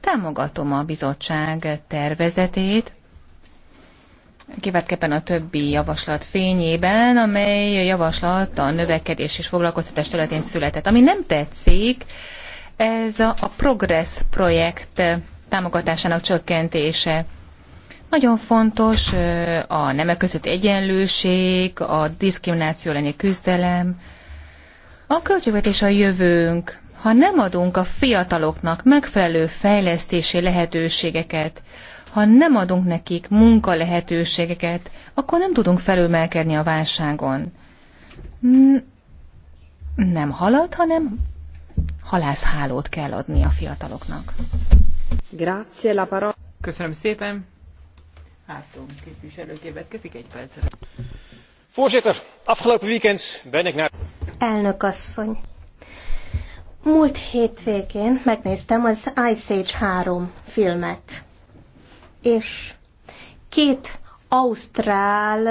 Támogatom a bizottság tervezetét, kivetképpen a többi javaslat fényében, amely javaslat a növekedés és foglalkoztatás területén született. Ami nem tetszik, ez a, Progress projekt támogatásának csökkentése. Nagyon fontos a nemek között egyenlőség, a diszkrimináció elleni küzdelem, a költségvetés a jövőnk, ha nem adunk a fiataloknak megfelelő fejlesztési lehetőségeket, ha nem adunk nekik munka lehetőségeket, akkor nem tudunk felülmelkedni a válságon. Nem halad, hanem halászhálót kell adni a fiataloknak. Grazie la parola. Köszönöm szépen. Hátom képviselő következik egy percre. Voorzitter, afgelopen weekend ben ik naar... Elnök asszony, Múlt hétvégén megnéztem az Ice Age 3 filmet, és két ausztrál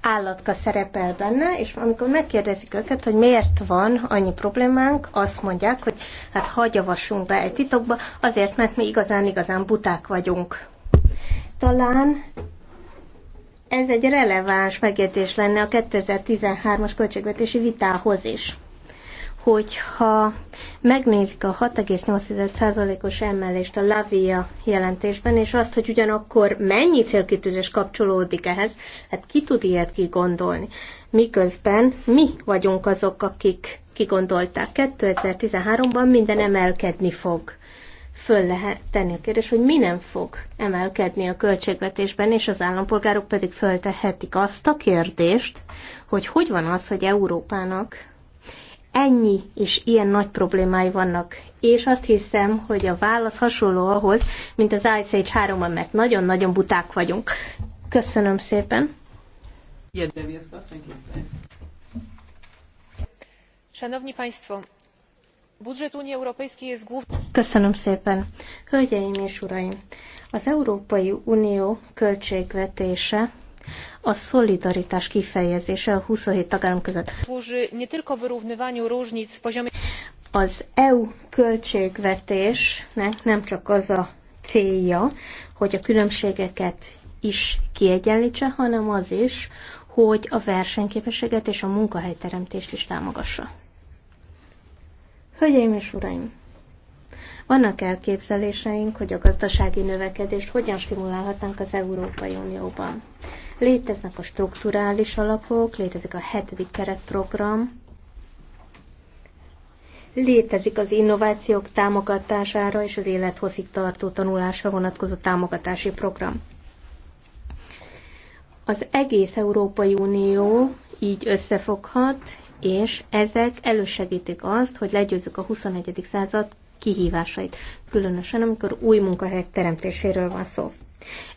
állatka szerepel benne, és amikor megkérdezik őket, hogy miért van annyi problémánk, azt mondják, hogy hát hagyjavassunk be egy titokba, azért, mert mi igazán-igazán buták vagyunk. Talán ez egy releváns megjegyzés lenne a 2013-as költségvetési vitához is hogyha megnézik a 6,8%-os emelést a Lavia jelentésben, és azt, hogy ugyanakkor mennyi célkitűzés kapcsolódik ehhez, hát ki tud ilyet kigondolni. Miközben mi vagyunk azok, akik kigondolták. 2013-ban minden emelkedni fog. Föl lehet tenni a kérdés, hogy mi nem fog emelkedni a költségvetésben, és az állampolgárok pedig föltehetik azt a kérdést, hogy hogy van az, hogy Európának ennyi és ilyen nagy problémái vannak. És azt hiszem, hogy a válasz hasonló ahhoz, mint az Ice Age 3-ban, mert nagyon-nagyon buták vagyunk. Köszönöm szépen. Szanowni Państwo, budżet Unii Europejskiej jest głównie... Köszönöm szépen. Hölgyeim és uraim, az Európai Unió költségvetése a szolidaritás kifejezése a 27 tagállam között. Az EU költségvetésnek nem csak az a célja, hogy a különbségeket is kiegyenlítse, hanem az is, hogy a versenyképességet és a munkahelyteremtést is támogassa. Hölgyeim és uraim! Vannak elképzeléseink, hogy a gazdasági növekedést hogyan stimulálhatnánk az Európai Unióban. Léteznek a strukturális alapok, létezik a hetedik keretprogram, létezik az innovációk támogatására és az élethosszig tartó tanulásra vonatkozó támogatási program. Az egész Európai Unió így összefoghat, és ezek elősegítik azt, hogy legyőzzük a 21. század kihívásait, különösen amikor új munkahelyek teremtéséről van szó.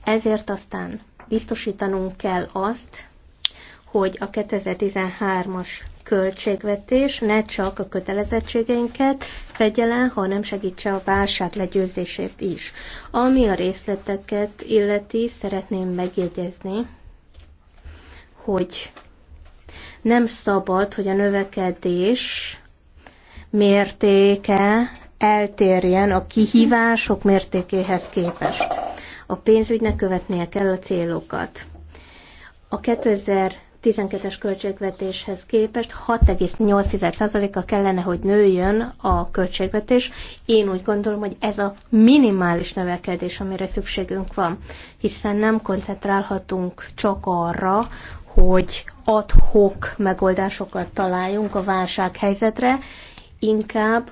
Ezért aztán biztosítanunk kell azt, hogy a 2013-as költségvetés ne csak a kötelezettségeinket fedje le, hanem segítse a válság legyőzését is. Ami a részleteket illeti, szeretném megjegyezni, hogy nem szabad, hogy a növekedés mértéke eltérjen a kihívások mértékéhez képest. A pénzügynek követnie kell a célokat. A 2012-es költségvetéshez képest 6,8%-a kellene, hogy nőjön a költségvetés. Én úgy gondolom, hogy ez a minimális növekedés, amire szükségünk van, hiszen nem koncentrálhatunk csak arra, hogy adhok megoldásokat találjunk a válsághelyzetre, inkább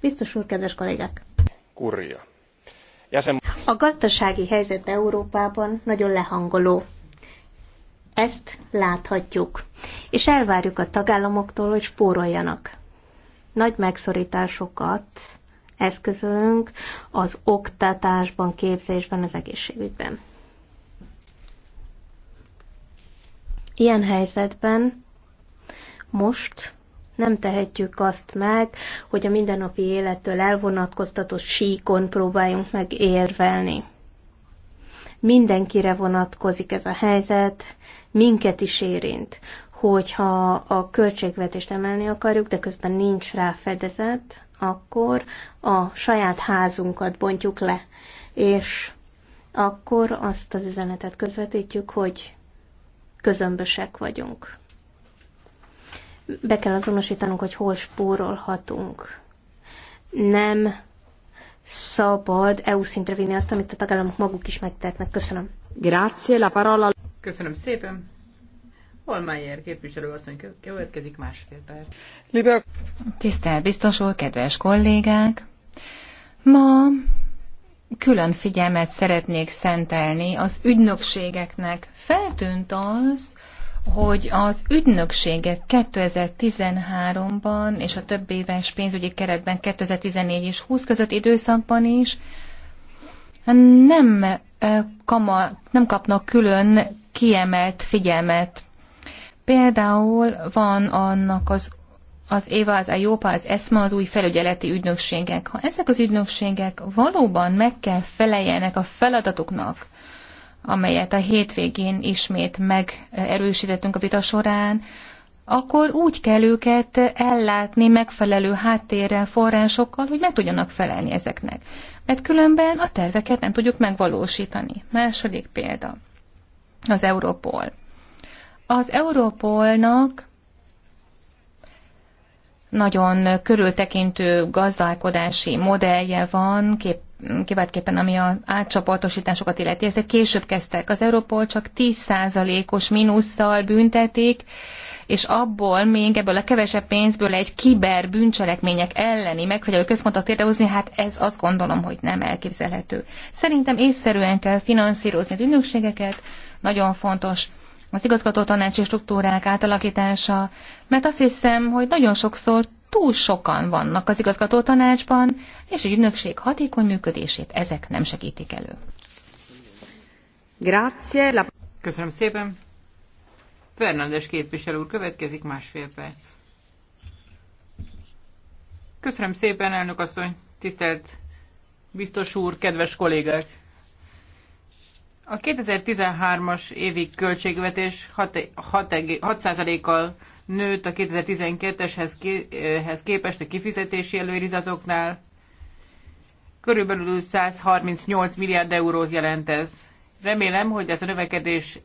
Biztos úr, kedves kollégák! Kurja. A gazdasági helyzet Európában nagyon lehangoló. Ezt láthatjuk, és elvárjuk a tagállamoktól, hogy spóroljanak. Nagy megszorításokat eszközölünk az oktatásban, képzésben, az egészségügyben. Ilyen helyzetben most nem tehetjük azt meg, hogy a mindennapi élettől elvonatkoztatott síkon próbáljunk meg érvelni. Mindenkire vonatkozik ez a helyzet, minket is érint, hogyha a költségvetést emelni akarjuk, de közben nincs rá fedezet, akkor a saját házunkat bontjuk le, és akkor azt az üzenetet közvetítjük, hogy közömbösek vagyunk be kell azonosítanunk, hogy hol spórolhatunk. Nem szabad EU szintre vinni azt, amit a tagállamok maguk is megtehetnek. Köszönöm. Grazie, la parola. Köszönöm szépen. Holmeyer képviselőasszony következik másfél perc. Tisztelt biztos úr, kedves kollégák! Ma külön figyelmet szeretnék szentelni az ügynökségeknek. Feltűnt az, hogy az ügynökségek 2013-ban és a több éves pénzügyi keretben 2014 és 20 között időszakban is nem, eh, kama, nem kapnak külön kiemelt figyelmet. Például van annak az az EVA, az IOPA, az ESMA, az új felügyeleti ügynökségek. Ha ezek az ügynökségek valóban meg kell feleljenek a feladatuknak, amelyet a hétvégén ismét megerősítettünk a vita során, akkor úgy kell őket ellátni megfelelő háttérrel, forrásokkal, hogy meg tudjanak felelni ezeknek. Mert különben a terveket nem tudjuk megvalósítani. Második példa. Az Európol. Az Európolnak nagyon körültekintő gazdálkodási modellje van, kép, kiváltképpen ami az átcsoportosításokat illeti, ezek később kezdtek. Az Európol csak 10%-os mínusszal büntetik, és abból még ebből a kevesebb pénzből egy kiber bűncselekmények elleni megfigyelő központot létrehozni, hát ez azt gondolom, hogy nem elképzelhető. Szerintem észszerűen kell finanszírozni az ügynökségeket, nagyon fontos az igazgató tanácsi struktúrák átalakítása, mert azt hiszem, hogy nagyon sokszor túl sokan vannak az igazgató tanácsban, és a ügynökség hatékony működését ezek nem segítik elő. Grazie. Köszönöm szépen. Fernandes képviselő úr következik másfél perc. Köszönöm szépen, elnök asszony, tisztelt biztos úr, kedves kollégák! A 2013-as évi költségvetés 6%-kal nőtt a 2012-eshez képest a kifizetési előirizatoknál. Körülbelül 138 milliárd eurót jelent ez. Remélem, hogy ez a növekedés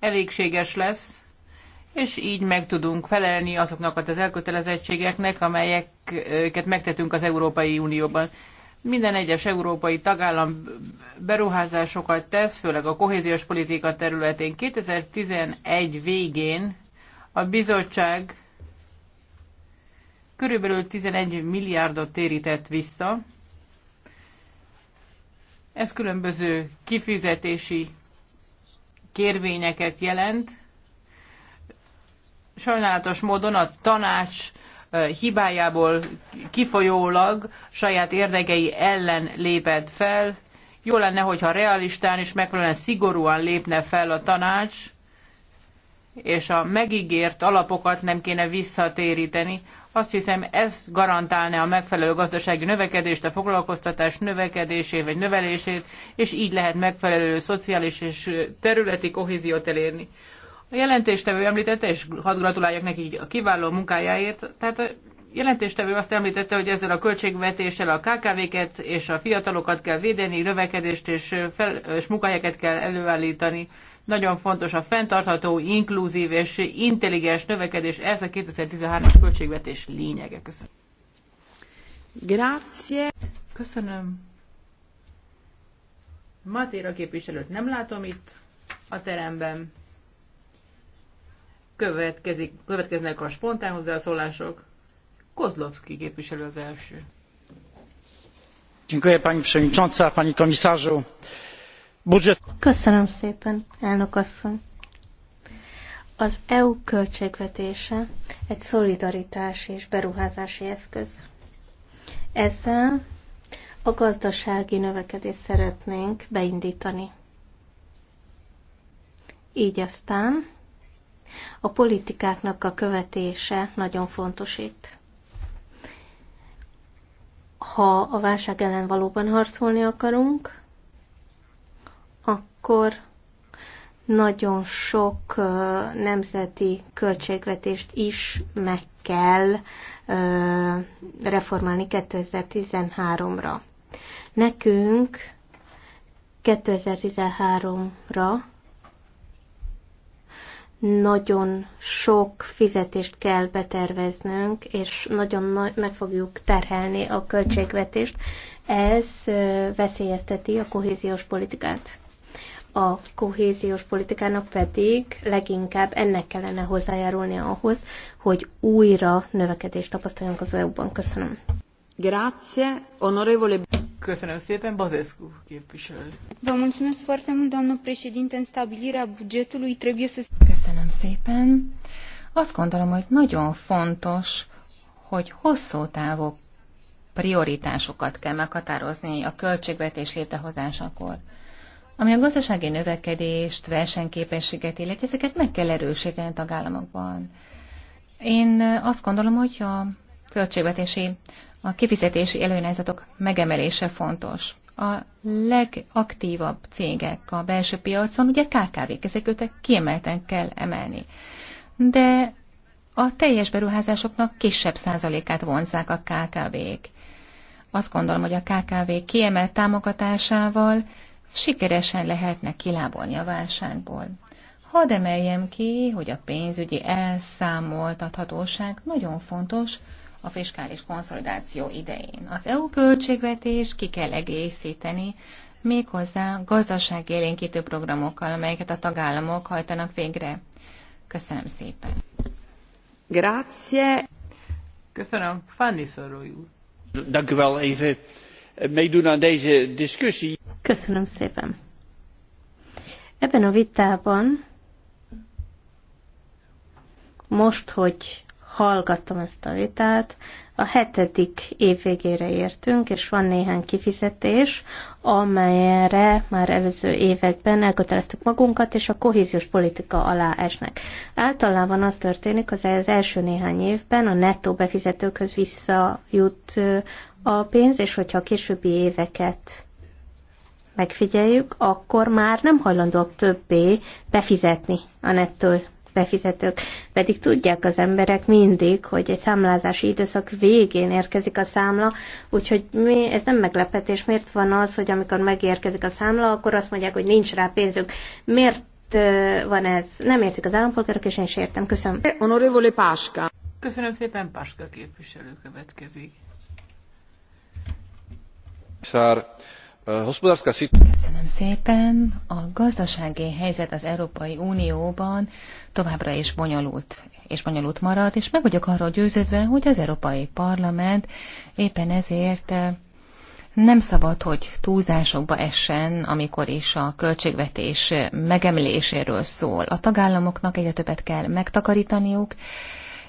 elégséges lesz, és így meg tudunk felelni azoknak az elkötelezettségeknek, amelyeket megtetünk az Európai Unióban. Minden egyes európai tagállam beruházásokat tesz, főleg a kohéziós politika területén. 2011 végén a bizottság körülbelül 11 milliárdot térített vissza. Ez különböző kifizetési kérvényeket jelent. Sajnálatos módon a tanács hibájából kifolyólag saját érdekei ellen lépett fel. Jó lenne, hogyha realistán és megfelelően szigorúan lépne fel a tanács, és a megígért alapokat nem kéne visszatéríteni. Azt hiszem, ez garantálná a megfelelő gazdasági növekedést, a foglalkoztatás növekedését vagy növelését, és így lehet megfelelő szociális és területi kohéziót elérni. A jelentéstevő említette, és hadd gratuláljak neki a kiváló munkájáért, tehát a jelentéstevő azt említette, hogy ezzel a költségvetéssel a KKV-ket és a fiatalokat kell védeni, növekedést és, fel, és munkahelyeket kell előállítani. Nagyon fontos a fenntartható, inkluzív és intelligens növekedés. Ez a 2013-as költségvetés lényege. Köszönöm. Grazie. Köszönöm. Matéra képviselőt nem látom itt a teremben. Következik, következnek a spontán hozzászólások. Kozlowski képviselő az első. Dziękuję pani przewodnicząca, pani komisarzu. Köszönöm szépen, elnök asszony. Az EU költségvetése egy szolidaritás és beruházási eszköz. Ezzel a gazdasági növekedést szeretnénk beindítani. Így aztán a politikáknak a követése nagyon fontos itt. Ha a válság ellen valóban harcolni akarunk, akkor nagyon sok nemzeti költségvetést is meg kell reformálni 2013-ra. Nekünk 2013-ra nagyon sok fizetést kell beterveznünk, és nagyon nagy, meg fogjuk terhelni a költségvetést. Ez veszélyezteti a kohéziós politikát a kohéziós politikának pedig leginkább ennek kellene hozzájárulni ahhoz, hogy újra növekedést tapasztaljunk az EU-ban. Köszönöm. Grazie, onorevole. Köszönöm szépen, Bazescu képviselő. Vă mulțumesc foarte mult, doamnă președinte, în stabilirea bugetului trebuie să... Köszönöm szépen. Azt gondolom, hogy nagyon fontos, hogy hosszú távú prioritásokat kell meghatározni a költségvetés létrehozásakor ami a gazdasági növekedést, versenyképességet illeti, ezeket meg kell erősíteni a tagállamokban. Én azt gondolom, hogy a költségvetési, a kifizetési előnyezetok megemelése fontos. A legaktívabb cégek a belső piacon, ugye KKV-k, ezeket kiemelten kell emelni. De a teljes beruházásoknak kisebb százalékát vonzák a KKV-k. Azt gondolom, hogy a KKV kiemelt támogatásával sikeresen lehetne kilábolni a válságból. Hadd emeljem ki, hogy a pénzügyi elszámoltathatóság nagyon fontos a fiskális konszolidáció idején. Az EU költségvetés ki kell egészíteni, méghozzá gazdaságélénkítő programokkal, amelyeket a tagállamok hajtanak végre. Köszönöm szépen. Grazie. Köszönöm. Fanny Szorói úr. Dank meedoen aan deze discussie. Köszönöm szépen. Ebben a vitában most, hogy hallgattam ezt a vitát. A hetedik év végére értünk, és van néhány kifizetés, amelyre már előző években elköteleztük magunkat, és a kohéziós politika alá esnek. Általában az történik, az első néhány évben a nettó befizetőkhöz visszajut a pénz, és hogyha a későbbi éveket megfigyeljük, akkor már nem hajlandóak többé befizetni a nettó befizetők. Pedig tudják az emberek mindig, hogy egy számlázási időszak végén érkezik a számla, úgyhogy mi, ez nem meglepetés. Miért van az, hogy amikor megérkezik a számla, akkor azt mondják, hogy nincs rá pénzük. Miért van ez? Nem értik az állampolgárok, és én is értem. Köszönöm. Honorevole Páska. Köszönöm szépen, Páska képviselő következik. Szár, Köszönöm szépen. A gazdasági helyzet az Európai Unióban továbbra is bonyolult, és bonyolult marad, és meg vagyok arról győződve, hogy az Európai Parlament éppen ezért eh, nem szabad, hogy túlzásokba essen, amikor is a költségvetés megemléséről szól. A tagállamoknak egyre többet kell megtakarítaniuk,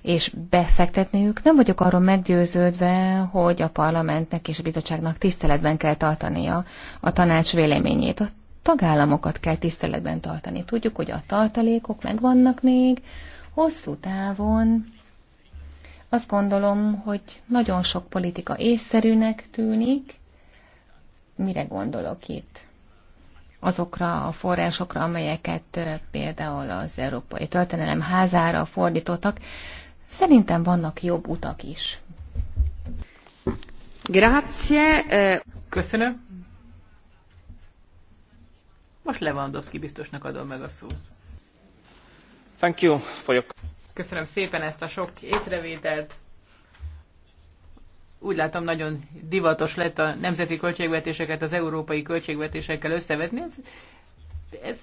és befektetniük. Nem vagyok arról meggyőződve, hogy a parlamentnek és a bizottságnak tiszteletben kell tartania a tanács véleményét. A tagállamokat kell tiszteletben tartani. Tudjuk, hogy a tartalékok megvannak még, hosszú távon azt gondolom, hogy nagyon sok politika észszerűnek tűnik. Mire gondolok itt? Azokra a forrásokra, amelyeket például az Európai Történelem házára fordítottak. Szerintem vannak jobb utak is. Grazie. Köszönöm. Most Lewandowski biztosnak adom meg a szót. Thank you for your... Köszönöm szépen ezt a sok észrevételt. Úgy látom, nagyon divatos lett a nemzeti költségvetéseket az európai költségvetésekkel összevetni. Ez, ez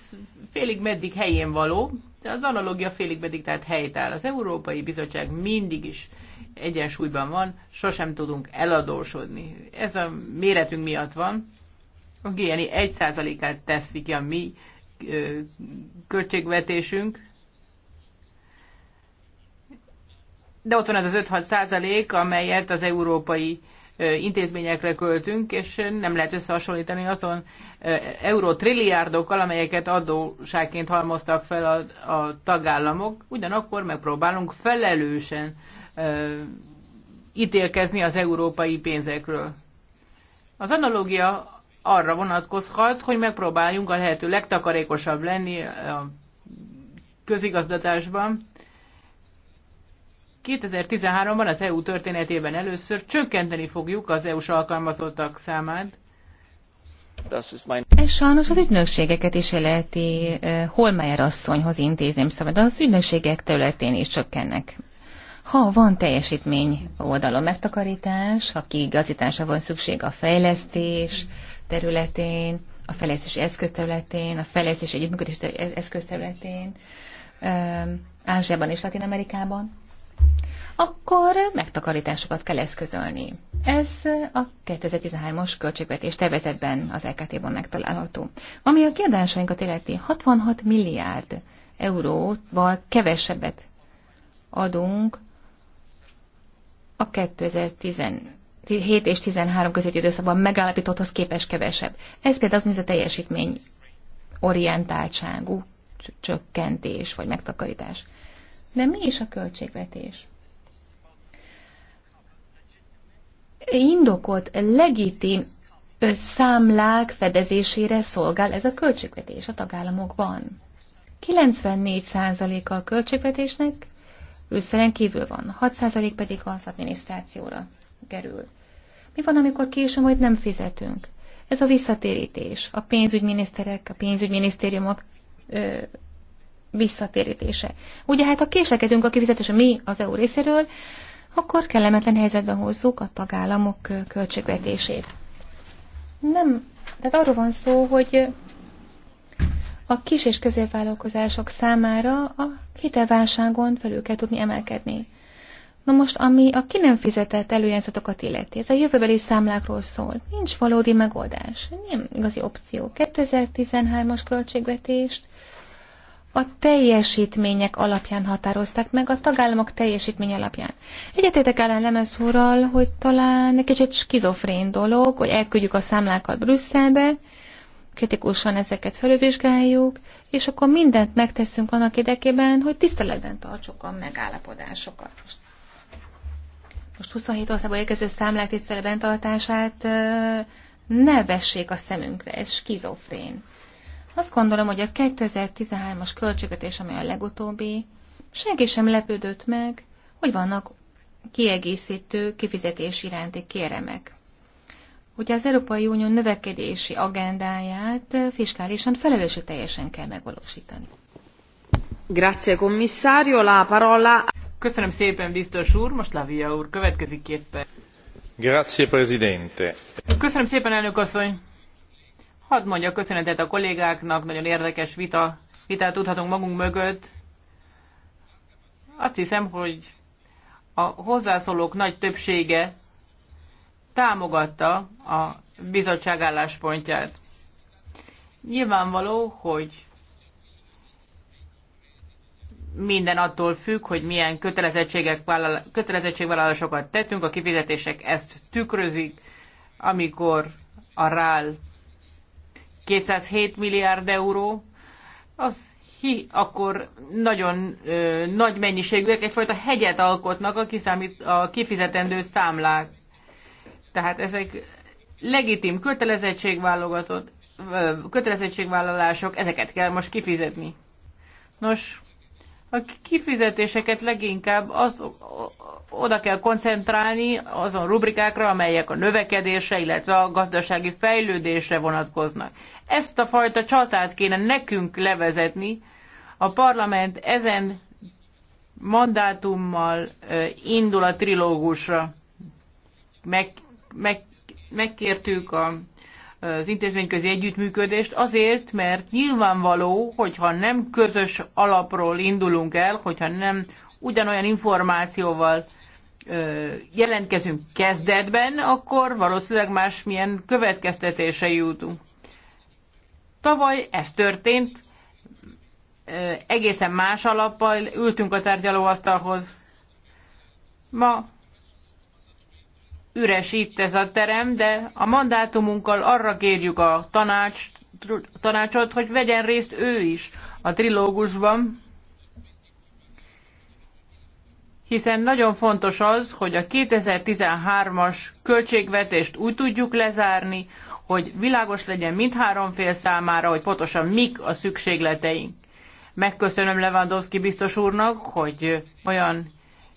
félig meddig helyén való, de az analogia félig meddig tehát helytáll. Az Európai Bizottság mindig is egyensúlyban van, sosem tudunk eladósodni. Ez a méretünk miatt van, a GNI 1%-át teszi ki a mi költségvetésünk, de ott van az az 5-6 százalék, amelyet az európai intézményekre költünk, és nem lehet összehasonlítani azon eurotrilliárdokkal, amelyeket adóságként halmoztak fel a, a tagállamok. Ugyanakkor megpróbálunk felelősen ö, ítélkezni az európai pénzekről. Az analógia arra vonatkozhat, hogy megpróbáljunk a lehető legtakarékosabb lenni a közigazgatásban. 2013-ban az EU történetében először csökkenteni fogjuk az EU-s alkalmazottak számát. Ez sajnos az ügynökségeket is illeti Holmeyer asszonyhoz intézném szabad, de az ügynökségek területén is csökkennek. Ha van teljesítmény oldalon megtakarítás, ha kiigazításra van szükség a fejlesztés, területén, a fejlesztési eszközterületén, a fejlesztési együttműködési eszközterületén, Ázsiában és Latin Amerikában, akkor megtakarításokat kell eszközölni. Ez a 2013-as költségvetés tervezetben az LKT-ban megtalálható. Ami a kiadásainkat illeti, 66 milliárd euróval kevesebbet adunk a 2010 7 és 13 közötti időszakban megállapítotthoz képes kevesebb. Ez például az, hogy a teljesítmény orientáltságú csökkentés vagy megtakarítás. De mi is a költségvetés? Indokolt, legitim számlák fedezésére szolgál ez a költségvetés a tagállamokban. 94%-a a költségvetésnek Brüsszelen kívül van, 6% pedig az adminisztrációra kerül. Mi van, amikor késő majd nem fizetünk? Ez a visszatérítés. A pénzügyminiszterek, a pénzügyminisztériumok ö, visszatérítése. Ugye hát, ha késlekedünk a kifizetés, mi az EU részéről, akkor kellemetlen helyzetbe hozzuk a tagállamok költségvetését. Nem, tehát arról van szó, hogy a kis és középvállalkozások számára a hitelválságon felül kell tudni emelkedni. Na most, ami a ki nem fizetett előjelzatokat illeti, ez a jövőbeli számlákról szól. Nincs valódi megoldás, nem igazi opció. 2013-as költségvetést a teljesítmények alapján határozták meg, a tagállamok teljesítmény alapján. Egyetétek ellen Lemez úrral, hogy talán egy kicsit skizofrén dolog, hogy elküldjük a számlákat Brüsszelbe, kritikusan ezeket felülvizsgáljuk, és akkor mindent megteszünk annak érdekében, hogy tiszteletben tartsuk a megállapodásokat. Most most 27 országból érkező számlák tisztele bentartását ne vessék a szemünkre, ez skizofrén. Azt gondolom, hogy a 2013-as költségvetés, ami a legutóbbi, senki sem lepődött meg, hogy vannak kiegészítő kifizetés iránti kéremek. Ugye az Európai Unió növekedési agendáját fiskálisan felelősségteljesen kell megvalósítani. Grazie, commissario. La parola... Köszönöm szépen, biztos úr. Most Lavia úr, következik képpen. Grazie, Presidente. Köszönöm szépen, elnök asszony. Hadd mondja köszönetet a kollégáknak, nagyon érdekes vita, vitát tudhatunk magunk mögött. Azt hiszem, hogy a hozzászólók nagy többsége támogatta a bizottság álláspontját. Nyilvánvaló, hogy minden attól függ, hogy milyen kötelezettségek kötelezettségvállalásokat tettünk, a kifizetések ezt tükrözik, amikor a RAL 207 milliárd euró, az hi, akkor nagyon ö, nagy mennyiségűek egyfajta hegyet alkotnak a, kiszámít, a kifizetendő számlák. Tehát ezek legitim kötelezettségvállalások, ezeket kell most kifizetni. Nos, a kifizetéseket leginkább az, oda kell koncentrálni azon rubrikákra, amelyek a növekedése, illetve a gazdasági fejlődésre vonatkoznak. Ezt a fajta csatát kéne nekünk levezetni. A parlament ezen mandátummal indul a trilógusra. Meg, meg, megkértük a az intézményközi együttműködést azért, mert nyilvánvaló, hogyha nem közös alapról indulunk el, hogyha nem ugyanolyan információval jelentkezünk kezdetben, akkor valószínűleg másmilyen következtetése jutunk. Tavaly ez történt, egészen más alappal ültünk a tárgyalóasztalhoz. Ma üres itt ez a terem, de a mandátumunkkal arra kérjük a tanács, tanácsot, hogy vegyen részt ő is a trilógusban, hiszen nagyon fontos az, hogy a 2013-as költségvetést úgy tudjuk lezárni, hogy világos legyen mindhárom fél számára, hogy pontosan mik a szükségleteink. Megköszönöm Lewandowski biztos úrnak, hogy olyan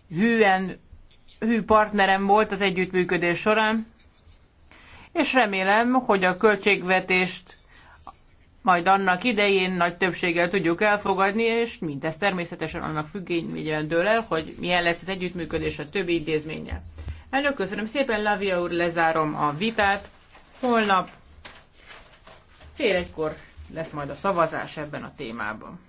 hűen hű partnerem volt az együttműködés során, és remélem, hogy a költségvetést majd annak idején nagy többséggel tudjuk elfogadni, és mindez természetesen annak függvényében dől el, hogy milyen lesz az együttműködés a többi intézménye. Elnök, köszönöm szépen, Lavia úr, lezárom a vitát. Holnap fél egykor lesz majd a szavazás ebben a témában.